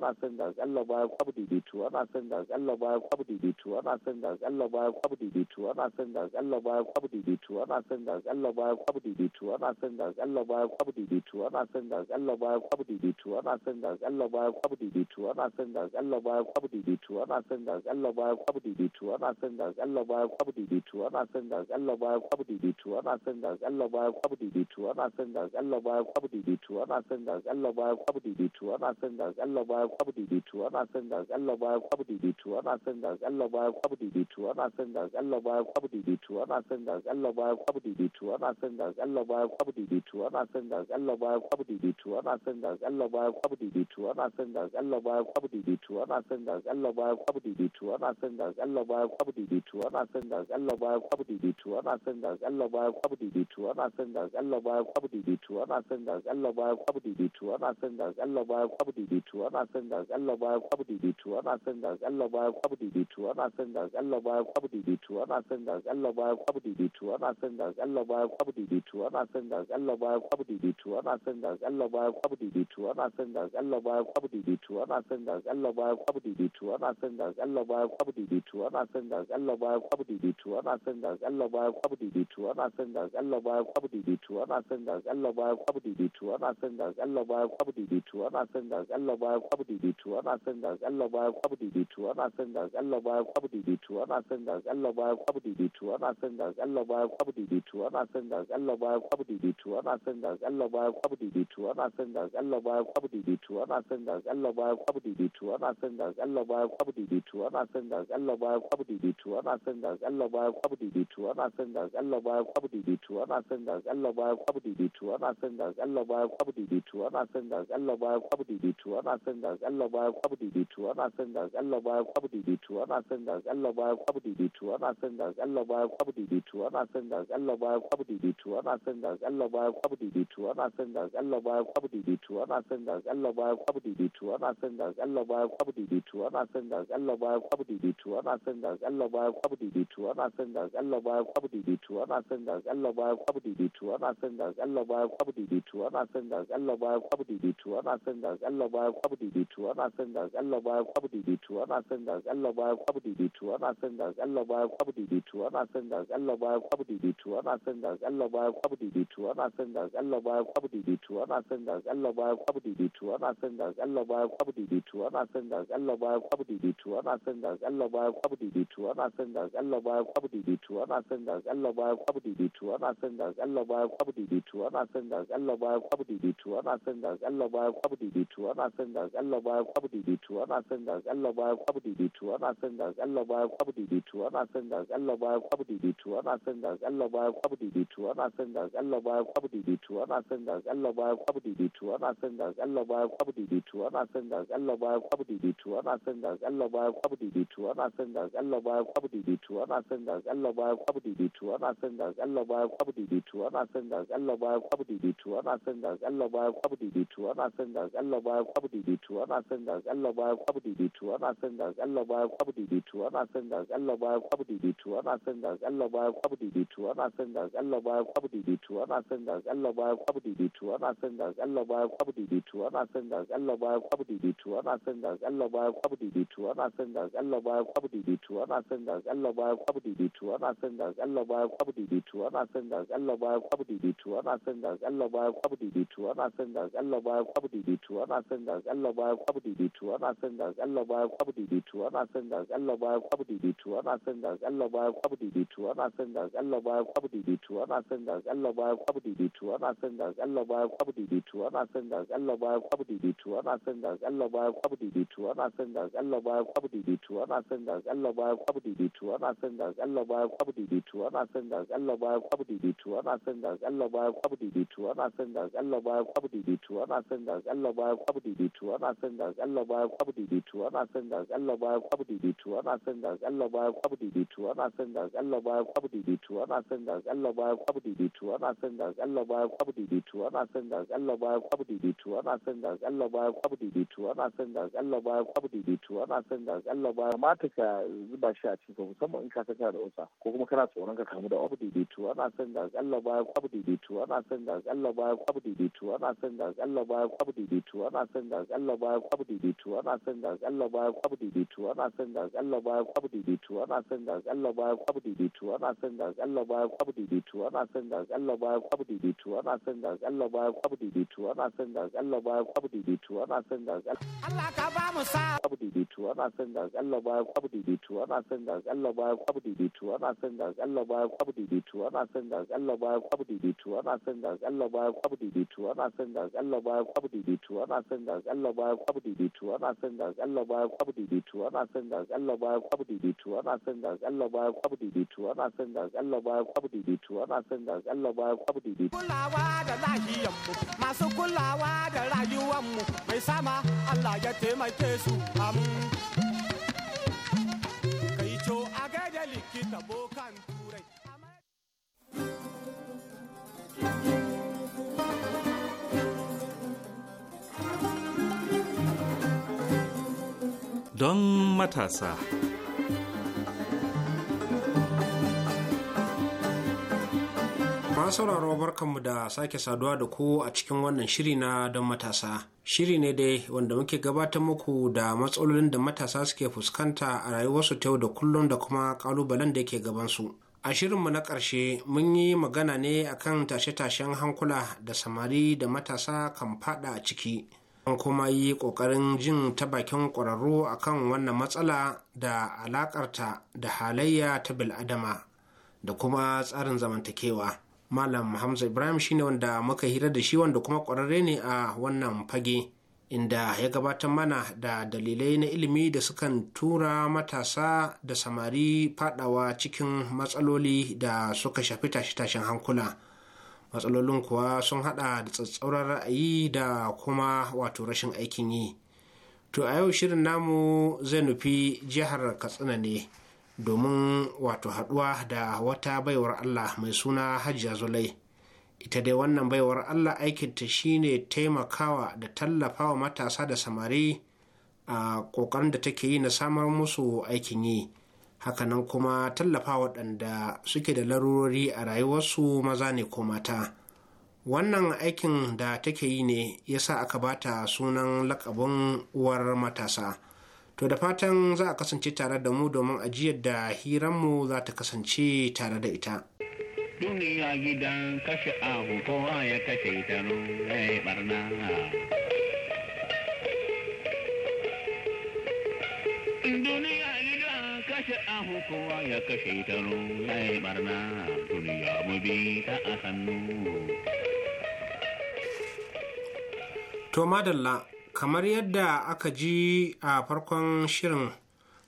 daidaito ana son ga daidaito daidaito ana son ga akalla baya kwabu daidaito ana son ga akalla baya kwabu daidaito ana son ga akalla baya kwabu daidaito ana son ga akalla baya kwabu daidaito ana son ga akalla baya kwabu daidaito ana son ga akalla baya kwabu daidaito ana son ga akalla baya kwabu daidaito ana son ga akalla baya kwabu daidaito ana son ga akalla baya kwabu daidaito ana son ga akalla baya kwabu daidaito ana son ga akalla baya kwabu daidaito ana son ga akalla baya kwabu daidaito ana son ga akalla baya kwabu daidaito ana son ga akalla baya kwabu daidaito ana son ga akalla baya kwabu daidaito ana son ga akalla baya kwabu daidaito ana son ga akalla baya kwabu daidaito ana son ga akalla baya kwabu daidaito ana son ga akalla baya kwabu daidaito ana son ga akalla baya kwabu daidaito ana son ga akalla baya kwabu daidaito ana son ga akalla baya kwabu daidaito ana son ga akalla baya kwabu daidaito ana son ga akalla baya kwabu daidaito ana son ga akalla baya kwabu daidaito ana son ga akalla baya kwabu daidaito ana son ga akalla baya kwabu daidaito ana son ga akalla baya kwabu daidaito ana son ga akalla baya kwabu daidaito ana son ga akalla baya kwabu daidaito ana son ga akalla baya kwabu daidaito ana ana son ga akalla baya kwabu daidaito ana son ga akalla baya kwabu daidaito ana son ga akalla baya kwabu daidaito ana son ga akalla baya kwabu daidaito ana son ga akalla baya kwabu daidaito ana son ga akalla baya kwabu daidaito ana son ga akalla baya kwabu daidaito ana son ga akalla baya kwabu daidaito ana son ga akalla baya kwabu daidaito ana son ga baya kwabu daidaito ana son ga baya kwabu daidaito ana son ga baya kwabu daidaito ana son ga baya kwabu daidaito ana son ga baya kwabu daidaito ana son ga baya kwabu daidaito ana son ga baya kwabu daidaito ana son ga akalla baya kwabu daidaito ana son ga akalla baya kwabu daidaito ana son ga akalla baya kwabu daidaito ana son ga akalla daidaito ana son ga daidaito ana son ga daidaito ana son ga daidaito ana son ga daidaito ana son ga daidaito ana son ga daidaito ana son ga daidaito ana son ga daidaito ana son ga daidaito ana son ga daidaito ana son ga daidaito ana son son ga akalla baya kwabu daidaito ana son ga akalla baya kwab daidaito ana son ga akalla baya kwab daidaito ana son ga akalla baya kwab daidaito ana son ga akalla baya kwab daidaito ana son ga akalla baya kwab daidaito ana son ga akalla baya kwabu daidaito ana son ga akalla baya kwab daidaito ana son ga akalla baya kwab daidaito ana son ga akalla baya kwab daidaito ana son ga akalla baya kwab daidaito ana son ga akalla daidaito ana son ga daidaito ana son ga daidaito ana son ga daidaito ana son ga daidaito daidaito ana son ga akalla baya kwabu daidaito ana son ga akalla baya kwabu daidaito ana son ga akalla baya kwabu daidaito ana son ga akalla baya kwabu daidaito ana son ga akalla baya kwabu daidaito ana son ga akalla baya kwabu daidaito ana son ga akalla baya kwabu daidaito ana son ga akalla baya kwabu daidaito ana son ga akalla baya kwabu daidaito ana son ga akalla daidaito ana son ga akalla daidaito ana son ga akalla daidaito ana son ga akalla daidaito ana son ga akalla daidaito ana son ga akalla daidaito ana son ga akalla baya kwab daidaito ana son ga akalla baya kwab daidaito ana son ga akalla baya kwab daidaito ana son ga akalla baya kwab daidaito ana son ga akalla baya kwab daidaito ana son ga akalla baya kwab daidaito ana son ga akalla baya kwab daidaito ana son ga akalla baya kwab daidaito ana son ga akalla baya kwab daidaito ana son ga akalla baya kwab daidaito ana son ga kwab daidaito ana son ga kwab daidaito ana son ga kwab daidaito ana son ga kwab daidaito ana son ga kwab daidaito ana son ga kwab daidaito daidaito ana son ga akalla baya kwab daidaito ana son ga akalla baya kwab daidaito ana son ga akalla baya kwab daidaito ana son ga akalla baya kwab daidaito ana son ga akalla baya kwab daidaito ana son ga akalla baya kwab daidaito ana son ga akalla baya kwab daidaito ana son ga akalla baya kwab daidaito ana son ga akalla baya kwab daidaito ana son ga akalla baya kwab daidaito ana son ga akalla daidaito ana son ga daidaito ana son ga daidaito ana son ga daidaito ana son ga daidaito ana son ga baya kwab daidaitu ana son ga akalla baya kwab daidaitu ana son ga akalla baya kwab daidaitu ana son ga akalla baya kwab daidaitu ana son ga akalla baya kwab daidaitu ana son ga akalla baya kwab daidaitu ana son ga akalla baya kwab daidaitu ana son ga akalla baya kwab daidaitu ana son ga akalla baya kwab daidaitu ana son ga akalla baya kwab daidaitu ana son ga baya ana son ga baya ana son ga baya ana son ga baya ana son ga baya ana son ga baya ana son ga akalla baya kwabu daidaito ana son ga akalla baya kwabu daidaito ana son ga akalla baya kwabu daidaito ana son ga akalla baya kwabu daidaito ana son ga akalla baya kwabu daidaito ana son ga akalla baya kwabu daidaito ana son ga akalla baya kwabu daidaito ana son ga akalla baya mata ka zuba shi a cikin musamman in ka saka da wasa ko kuma kana tsoron ka kamu da kwabu daidaito ana son ga akalla baya kwabu daidaito ana son ga akalla baya kwabu daidaito ana son ga akalla baya kwabu daidaito ana son ga akalla baya kwabu daidaito ana son ga akalla baya kwabu daidaito ana son ga akalla akalla baya kwabu daidaito ana son ga akalla baya kwabu daidaito ana son ga akalla baya kwabu daidaito ana son ga akalla baya kwabu daidaito ana son ga akalla baya kwabu daidaito ana son ga kwabu daidaito ana son ga Allah ka ba mu sa kwabu daidaito ana son ga akalla baya kwabu daidaito ana son ga akalla baya kwabu daidaito ana son ga akalla baya kwabu daidaito ana son ga akalla kwabu daidaito ana son ga kwabu daidaito ana son ga kwabu daidaito ana son ga kwabu daidaito ana son ga kwabu daidaito ana son ga baya kwab daidaito ana son ga akalla baya kwab daidaito ana son ga akalla baya kwab daidaito ana son ga akalla baya kwab daidaito kulawa da lahiyan mu masu kulawa da rayuwan mu mai sama Allah ya taimake su am kai co a ga da likita bokan turai Thank you. don matasa. sauraro barkanmu da sake saduwa da ku a cikin wannan shiri na don matasa. Shiri ne dai wanda muke gabatar muku da matsalolin da matasa suke fuskanta a rayuwarsu ta yau da kullum da kuma kalubalen da yake gabansu. A shirinmu na ƙarshe mun yi magana ne akan tashe-tashen hankula da samari da matasa kan fada a ciki. an kuma yi ƙoƙarin jin ta bakin ƙwararru a kan wannan matsala da alaƙarta da halayya ta bil'adama da kuma tsarin zamantakewa malam hamza ibrahim shine wanda muka hira da shi wanda kuma ƙwararre ne a wannan fage inda ya gabatar mana da dalilai na ilimi da sukan tura matasa da samari fadawa cikin matsaloli da suka shafi tashe-tashen hankula. matsalolin kuwa sun hada da tsatsauran ra'ayi da kuma wato rashin aikin yi to a yau shirin namu zai nufi jihar katsina ne domin wato haduwa da wata baiwar allah mai suna hajiya zulai ita dai wannan baiwar allah aikinta shine taimakawa da tallafawa matasa da samari a kokarin da take yi na samar musu aikin yi hakanan kuma tallafa waɗanda suke da larurori a rayuwarsu maza ne ko mata wannan aikin da take yi ne ya sa aka bata sunan lakabin uwar matasa to da fatan za a kasance tare da mu domin ajiyar da hiranmu za ta kasance tare da ita duniya gidan kashe abu ya kashe ita ya barna duniya kashe ahu kowa ya kashe ta ya yi barna duniya mu bi ta a hannu. To madalla kamar yadda aka ji a farkon shirin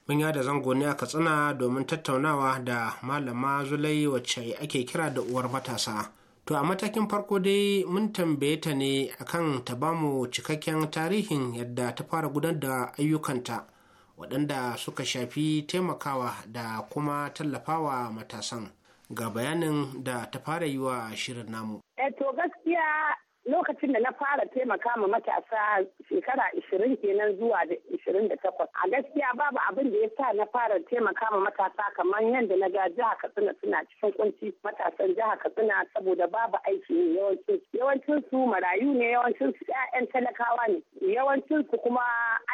mun yada zango ne a katsina domin tattaunawa da malama zulai wacce ake kira da uwar matasa. To a matakin farko dai mun tambaye ta ne akan ta bamu cikakken tarihin yadda ta fara gudanar da ayyukanta. waɗanda suka shafi taimakawa da kuma tallafawa matasan ga bayanin da ta fara yi wa shirin namu. Eh, to gaskiya lokacin da na fara taimaka ma matasa shekara ishirin kenan zuwa da ishirin da takwas a gaskiya babu abin da ya sa na fara taimaka ma matasa kamar yadda na ga jiha katsina suna cikin kunci matasan jiha katsina saboda babu aiki ne yawancin yawancin su marayu ne yawancin su ƴaƴan talakawa ne yawancin su kuma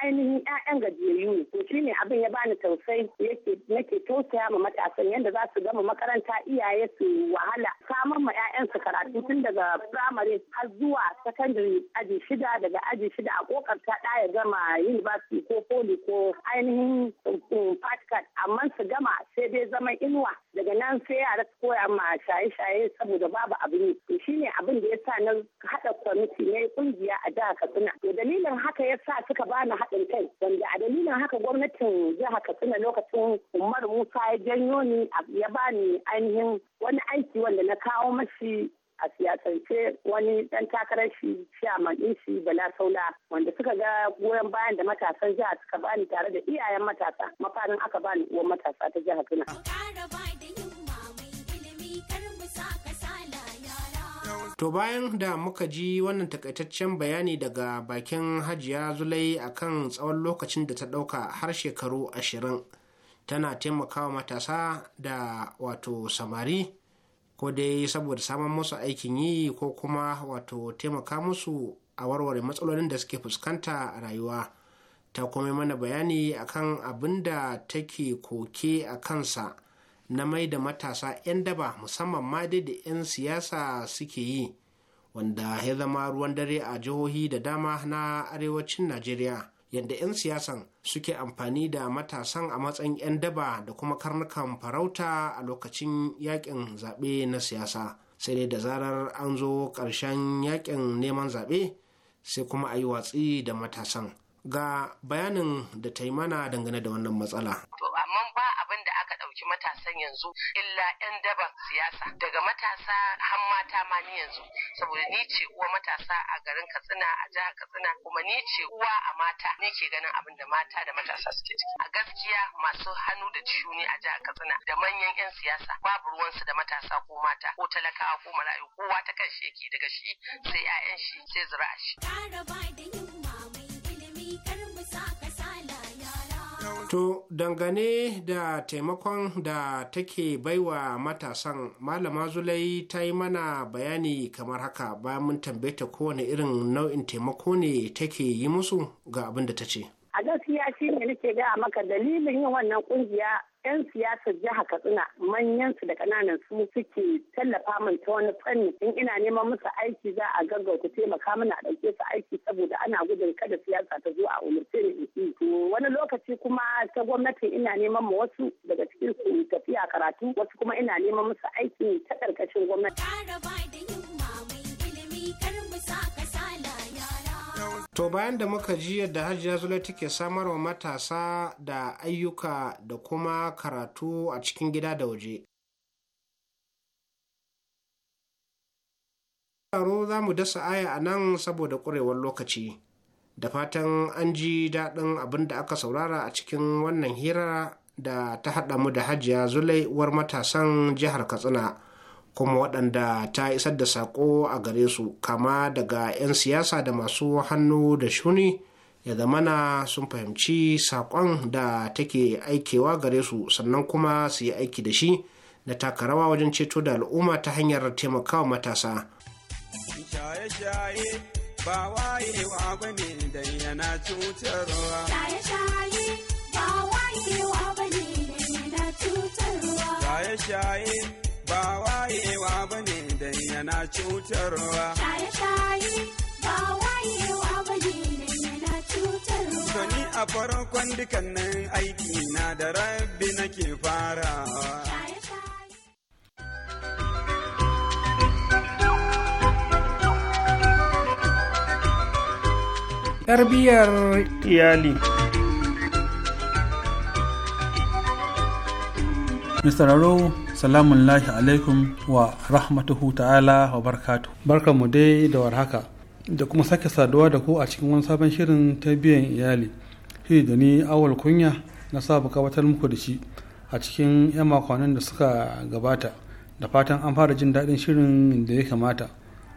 ainihin ƴaƴan gajiyayyu ne to shine abin ya bani tausayi yake nake tausaya ma matasan yadda za su gama makaranta iyaye su wahala samar ma su karatu tun daga firamare har zuwa sakandare aji shida daga aji shida a kokarta ɗaya ya gama university ko poli ko ainihin um, fatkat amma su gama sai dai zama inuwa daga nan sai yara su koya ma shaye-shaye saboda babu abin yi to shine abin da ya sa na haɗa kwamiti na kungiya a jihar Katsina to dalilin haka ya sa suka bani haɗin kai wanda a dalilin haka gwamnatin jihar Katsina lokacin Umar Musa ya janyo ni ya bani ainihin wani aiki wanda na kawo mashi a siyasance wani dan takarar shi chairman din shi Bala Saula wanda suka ga goyon bayan da matasan jiha suka bani tare da iyayen matasa mafarin aka bani uwan matasa ta jihar Katsina. To bayan da muka ji wannan takaitaccen bayani daga bakin hajiya zulai a kan tsawon lokacin da ta ɗauka har shekaru ashirin tana taimakawa matasa da wato samari ko dai saboda samun musu aikin yi ko kuma wato taimaka musu a warware matsalolin da suke fuskanta a rayuwa ta kuma mana bayani akan abin da take koke a kansa na mai da matasa 'yan daba musamman ma dai da 'yan siyasa suke yi wanda ya zama ruwan dare a jihohi da dama na arewacin najeriya yadda 'yan siyasan suke amfani da matasan a matsayin 'yan daba da kuma karnukan farauta a lokacin yakin zaɓe na siyasa sai dai da zarar an zo ƙarshen yakin neman zaɓe sai kuma a yi watsi da matasan ga bayanin da ta yi mana dangane da wannan matsala. matasan yanzu illa 'yan daban siyasa daga matasa har mata ma ni yanzu saboda ni ce uwa matasa a garin katsina a jihar katsina kuma ni ce uwa a mata ni ke ganin abin da mata da matasa suke ciki a gaskiya masu hannu da ciwuni a jihar katsina da manyan 'yan siyasa babu ruwansu da matasa ko mata ko talakawa ko marayu kowa ta kan shi yake daga shi sai 'ya'yan shi sai zura'a shi. To dangane da taimakon da take baiwa matasan malama zulai ta yi mana bayani kamar haka bayan mun tambaye ta kowane irin nau'in taimako ne take yi musu ga abin da ta ce. a gaskiya shi ne nake gaya maka dalilin yin wannan kungiya 'yan siyasar jiha katsina manyan su da kananan su suke tallafa min ta wani fanni in ina neman musu aiki za a gaggauta taimaka mana a ɗauke su aiki saboda ana gudun kada siyasa ta zo a umarce ne to wani lokaci kuma ta gwamnati ina neman mu wasu daga cikin su tafiya karatu wasu kuma ina neman musu aiki ta karkashin gwamnati. To bayan da muka ji yadda Hajiya zulai take wa matasa da ayyuka da kuma karatu a cikin gida da waje. Taro za mu dasa aya a nan saboda ƙurewar lokaci. Da fatan an ji daɗin abin da aka saurara a cikin wannan hira da ta haɗa mu da Hajiya Zulai uwar matasan jihar Katsina. kuma waɗanda ta isar da saƙo a gare su kama daga 'yan siyasa da masu hannu da shuni ya zamana sun fahimci saƙon da take aikewa gare su sannan kuma su yi aiki da shi da taka rawa wajen ceto da al'umma ta hanyar taimakawa matasa. shaye Shaye-shaye ba wayewa ba ne dan yana cutarwa shaye-shaye ba wayewa ba ne dan yana cutarwa sani a farkon nan aiki na da rabbi nake farawa tarbiyyar iyali. Mr. Raro salamun lahi alaikum wa rahmatuhu ta'ala wa barkatu barka mu dai da warhaka da kuma sake saduwa da ku a cikin wani sabon shirin ta biyan iyali shi da ni awal kunya na sabu kawatar muku da shi a cikin 'yan makonnin da suka gabata da fatan an fara jin daɗin shirin da ya kamata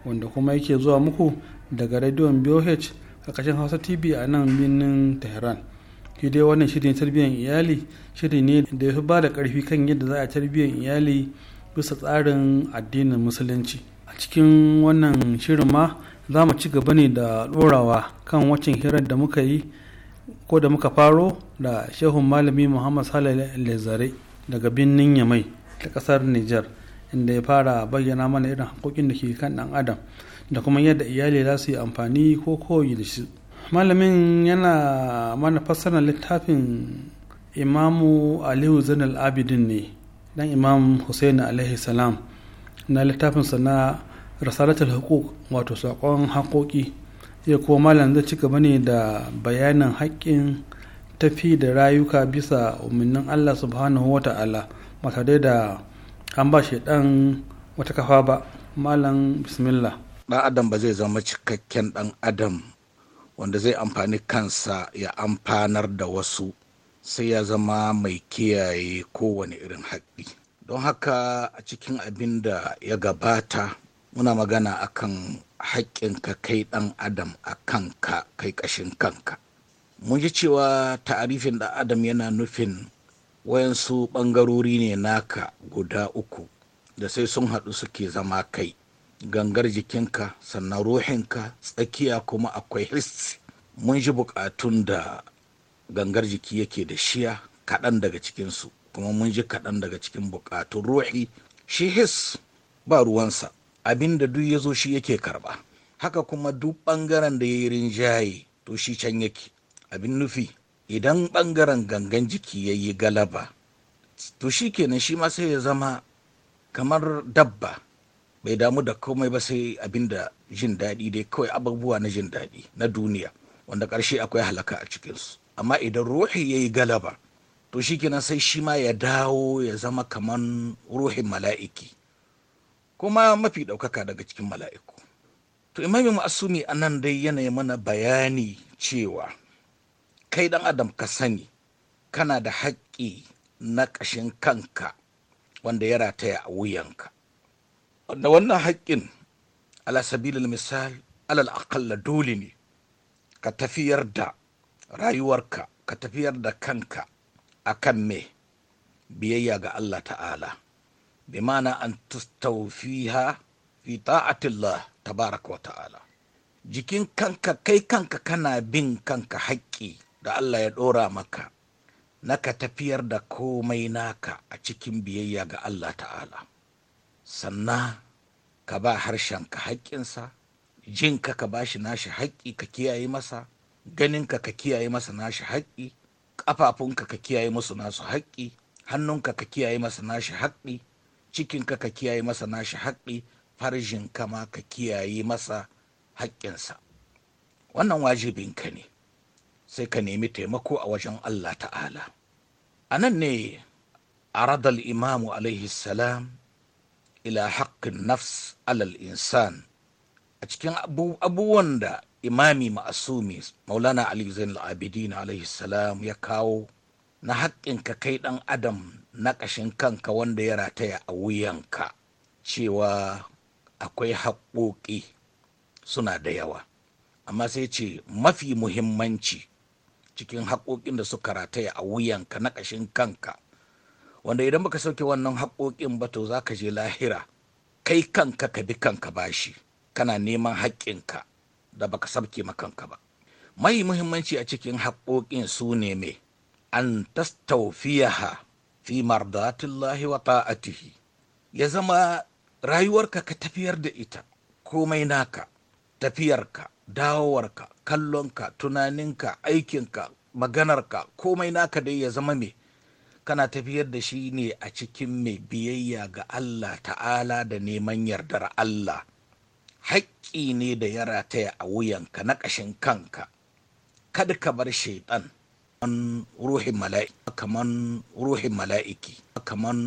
wanda kuma yake zuwa muku daga rediyon boh a kashin hausa tv a nan birnin tehran shi dai wannan shirin tarbiyyar iyali shiri ne da ya ba da karfi kan yadda za a tarbiyyar iyali bisa tsarin addinin musulunci a cikin wannan shirin ma za mu ci gaba ne da ɗorawa kan wacin hirar da muka yi ko da muka faro da shehun malami muhammad salih lezare daga birnin yamai ta kasar niger inda ya fara bayyana mana irin haƙoƙin da ke kan ɗan adam da kuma yadda iyali za su yi amfani ko koyi da shi malamin yana mana fassarar littafin imamu aliyu zainal abidin ne dan imam hussein alaihi salam na littafinsa na rasaratul hukuk wato saƙon haƙoƙi ya kuma malam zai ci gaba ne da bayanin haƙƙin tafi da rayuka bisa umarnin allah subhanahu wa ta'ala mata dai da an ba shi dan wata kafa ba malam bismillah Ɗan adam ba zai zama cikakken ɗan adam wanda zai amfani kansa ya amfanar da wasu sai ya zama mai kiyaye kowane irin haƙƙi don haka a cikin abin da ya gabata muna magana akan haƙƙinka kai ɗan adam a kanka kai ƙashin kanka mun ji cewa ta'arifin ɗan adam yana nufin wayansu ɓangarori ne naka guda uku da sai sun haɗu suke zama kai gangar jikinka sannan ruhinka tsakiya kuma akwai his. mun ji bukatun da gangar jiki yake da shiya kaɗan daga cikinsu kuma mun ji kaɗan daga cikin bukatun ruhi shi his ba ruwansa abin da duk ya zo shi yake karba haka kuma duk ɓangaren da ya yi rinjaye to shi can yake abin nufi idan ɓangaren gangan jiki ya yi galaba to shi kenan shi ma sai ya zama kamar dabba bai damu da komai ba sai abin da jin daɗi dai kawai abubuwa na jin daɗi na duniya wanda ƙarshe akwai halaka a cikinsu amma idan ruhi ya yi galaba to shi kenan sai shi ma ya dawo ya zama kaman ruhin mala'iki kuma mafi ɗaukaka daga cikin mala'iku to imamin ma'asumi a nan dai yanayi mana bayani cewa kai ɗan adam ka sani kana da haƙƙi na ƙashin kanka wanda ya rataya a wuyanka na wannan haƙƙin ala sabilil misal alal aƙalla dole ne ka tafiyar da rayuwarka ka tafiyar da kanka a kan me biyayya ga Allah ta'ala bi mana an tustawfiha fi ta'atillah tabaraka wa ta'ala jikin kanka kai kanka kana bin kanka haƙƙi da Allah ya ɗora maka na ka tafiyar da komai naka a cikin biyayya ga Allah ta'ala sannan ka ba harshen harshenka haƙƙinsa jinka ka ba shi nashi haƙƙi ka kiyaye masa ganinka ka kiyaye masa nashi haƙƙi ƙafafunka ka kiyaye musu nasu haƙƙi hannunka ka kiyaye masa nashi haƙƙi cikinka ka kiyaye masa nashi haƙƙi farjinka ma ka kiyaye masa haƙƙinsa wannan wajibin ka ne sai ka nemi taimako a wajen Allah ta'ala a nan ne a radar imamu alaihi salam ila haƙƙin nafs alal insan a cikin abubuwan da imami ma'asumi maulana ali zain al-abidin alaihi salam ya kawo na haƙƙin ka kai ɗan adam na ƙashin kanka wanda ya rataya a wuyanka cewa akwai haƙƙoƙi suna da yawa amma sai ce mafi muhimmanci cikin haƙoƙin da suka rataya a wuyanka na ƙashin kanka wanda idan baka sauke wannan haƙoƙin ba to za ka je lahira kai kanka ka bi kanka bashi kana neman haƙƙinka da baka sabke makanka ba mai muhimmanci a cikin haƙoƙin su ne me an tastawfiyaha fi mardatillahi wa ta'atihi ya zama rayuwarka ka tafiyar da ita komai naka tafiyarka dawowarka kallonka tunaninka aikinka maganarka komai naka dai ya zama me kana tafiyar da shi ne a cikin mai biyayya ga Allah ta'ala da neman yardar Allah haƙƙi ne da ya rataya a wuyanka na ƙashin kanka kada ka bar shaiɗan kaman ruhin mala'iki kaman ruhin mala'iki kaman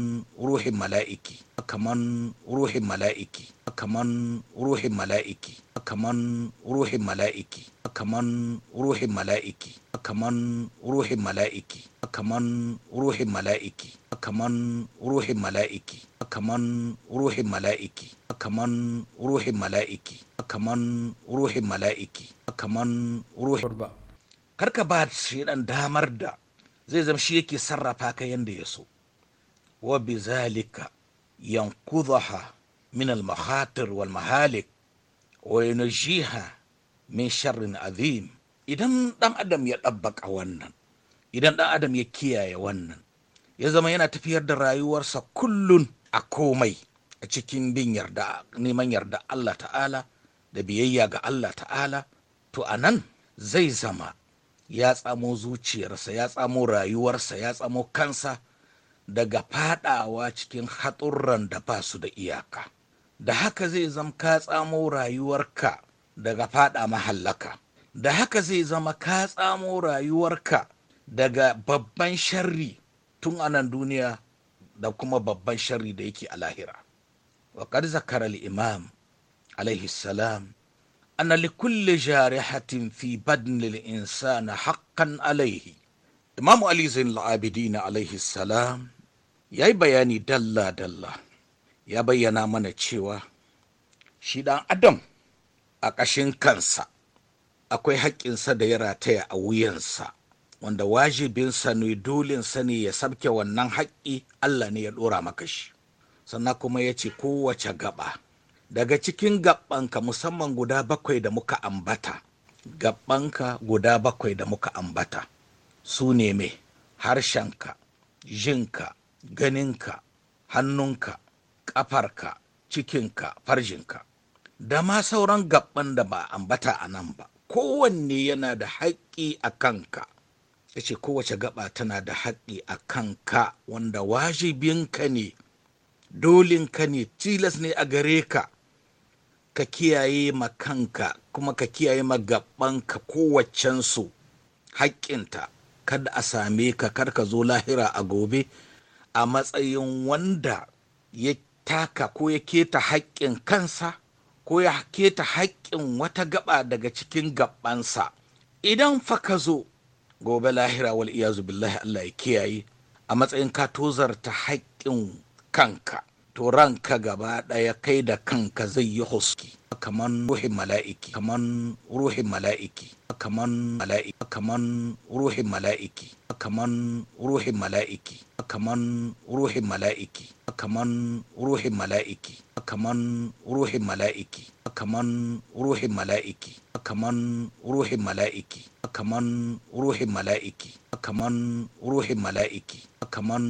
ruhin mala'iki kaman ruhin mala'iki kaman ruhin mala'iki kaman ruhin mala'iki kaman ruhin mala'iki kaman ruhin mala'iki kaman ruhin mala'iki kaman ruhin mala'iki kaman ruhin mala'iki kaman ruhin mala'iki kaman ruhin mala'iki kaman ruhin karka ba shi dan damar da zai zama shi yake sarrafa ka yanda ya so wa bi zalika yankudaha min al mahatir wal mahalik wa yunjiha min sharrin azim idan dan adam ya dabbaka wannan idan dan adam ya kiyaye wannan ya zama yana tafiyar da rayuwarsa kullun a komai a cikin bin yarda neman yarda Allah ta'ala da biyayya ga Allah ta'ala to a nan zai zama ya tsamo zuciyarsa ya tsamo rayuwarsa ya tsamo kansa daga fadawa cikin haturran da ba su da iyaka da haka zai zama ka tsamo rayuwarka daga fada mahallaka da haka zai zama ka tsamo rayuwarka daga babban sharri tun anan duniya da kuma babban sharri da yake a lahira wa zakara imam alaihi salam أن لكل جارحة في بدن الإنسان حقا عليه Imam Ali Zain al'abidin alaihi salam ya yi bayani dalla-dalla ya bayyana mana cewa shi ɗan adam a ƙashin kansa akwai haƙƙinsa da ya rataya a wuyansa wanda wajibinsa ne dolinsa ne ya sabke wannan haƙƙi Allah ne ya ɗora maka shi sannan kuma ya ce kowace gaɓa. daga cikin gabanka musamman guda bakwai da muka ambata gabanka guda bakwai da muka ambata su ne me harshenka jinka ganinka hannunka ƙafarka cikinka farjinka da ma sauran gabban da ba ambata a nan ba kowanne yana da haƙƙi a kanka ya ce kowace gaba tana da haƙƙi a kanka wanda wajibinka ne dolinka ne tilas ne a gare ka ka kiyaye ma kanka kuma ka kiyaye ma kowaccen kowaccensu haƙƙinta kada a same ka kar ka zo lahira a gobe a matsayin wanda ya taka ko ya keta haƙƙin kansa ko ya keta haƙƙin wata gaba daga cikin gabansa idan fa ka zo gobe lahira wal iyazu billahi Allah ya kiyaye a matsayin ka tozarta haƙƙin kanka to ranka gaba ɗaya kai da kanka zai yi huski kaman ruhin mala'iki kaman ruhin mala'iki kaman mala'iki kaman ruhin mala'iki kaman ruhin mala'iki kaman ruhin mala'iki kaman ruhin mala'iki kaman ruhin mala'iki kaman ruhin mala'iki kaman ruhin mala'iki kaman ruhin mala'iki kaman ruhin mala'iki kaman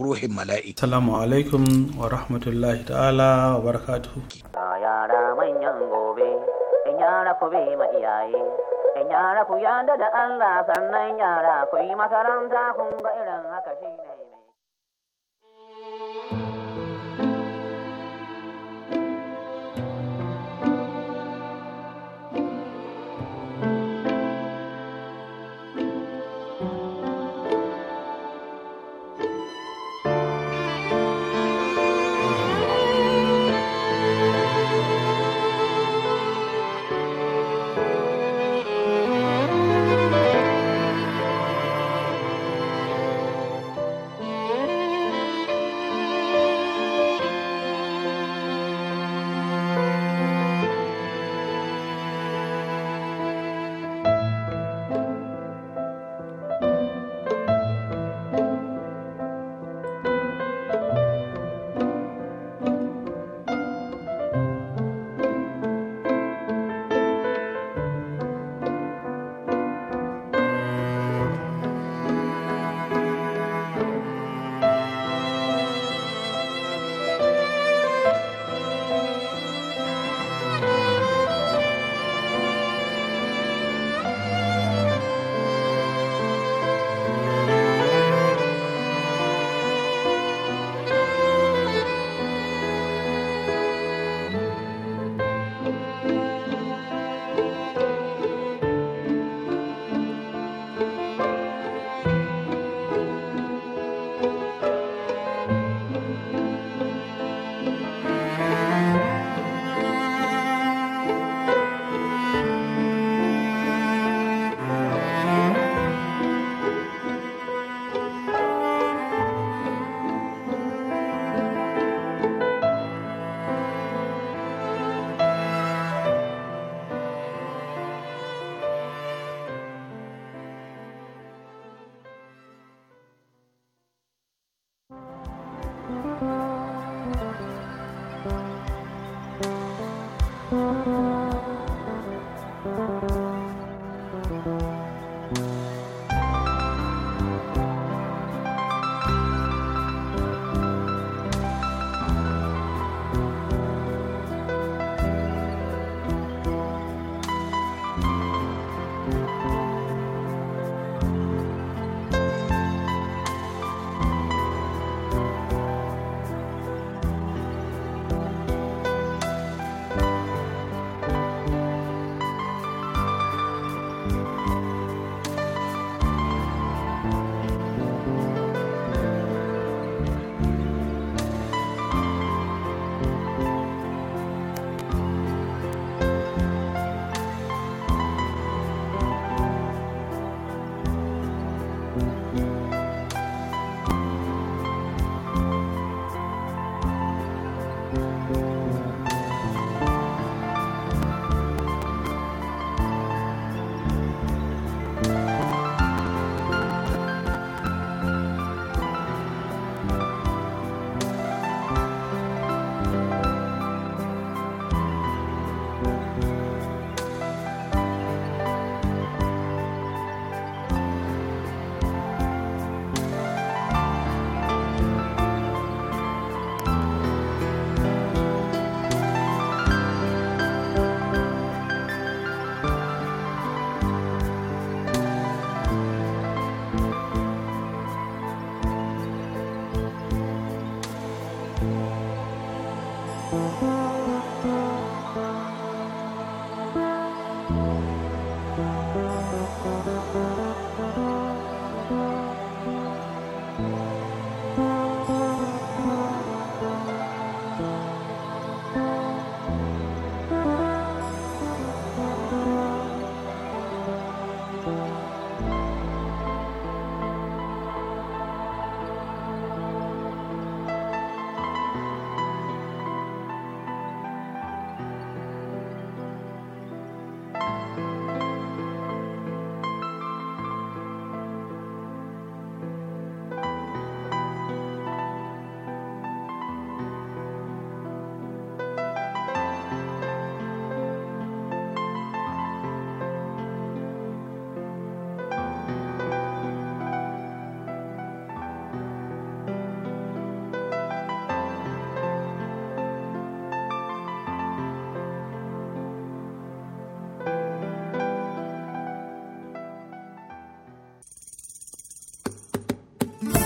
ruhin mala'iki assalamu alaikum wa rahmatullahi ta'ala wa barakatuhu ku bi ma iyaye in yara ku yada da Allah sannan yara ku yi makaranta kun ga irin haka shine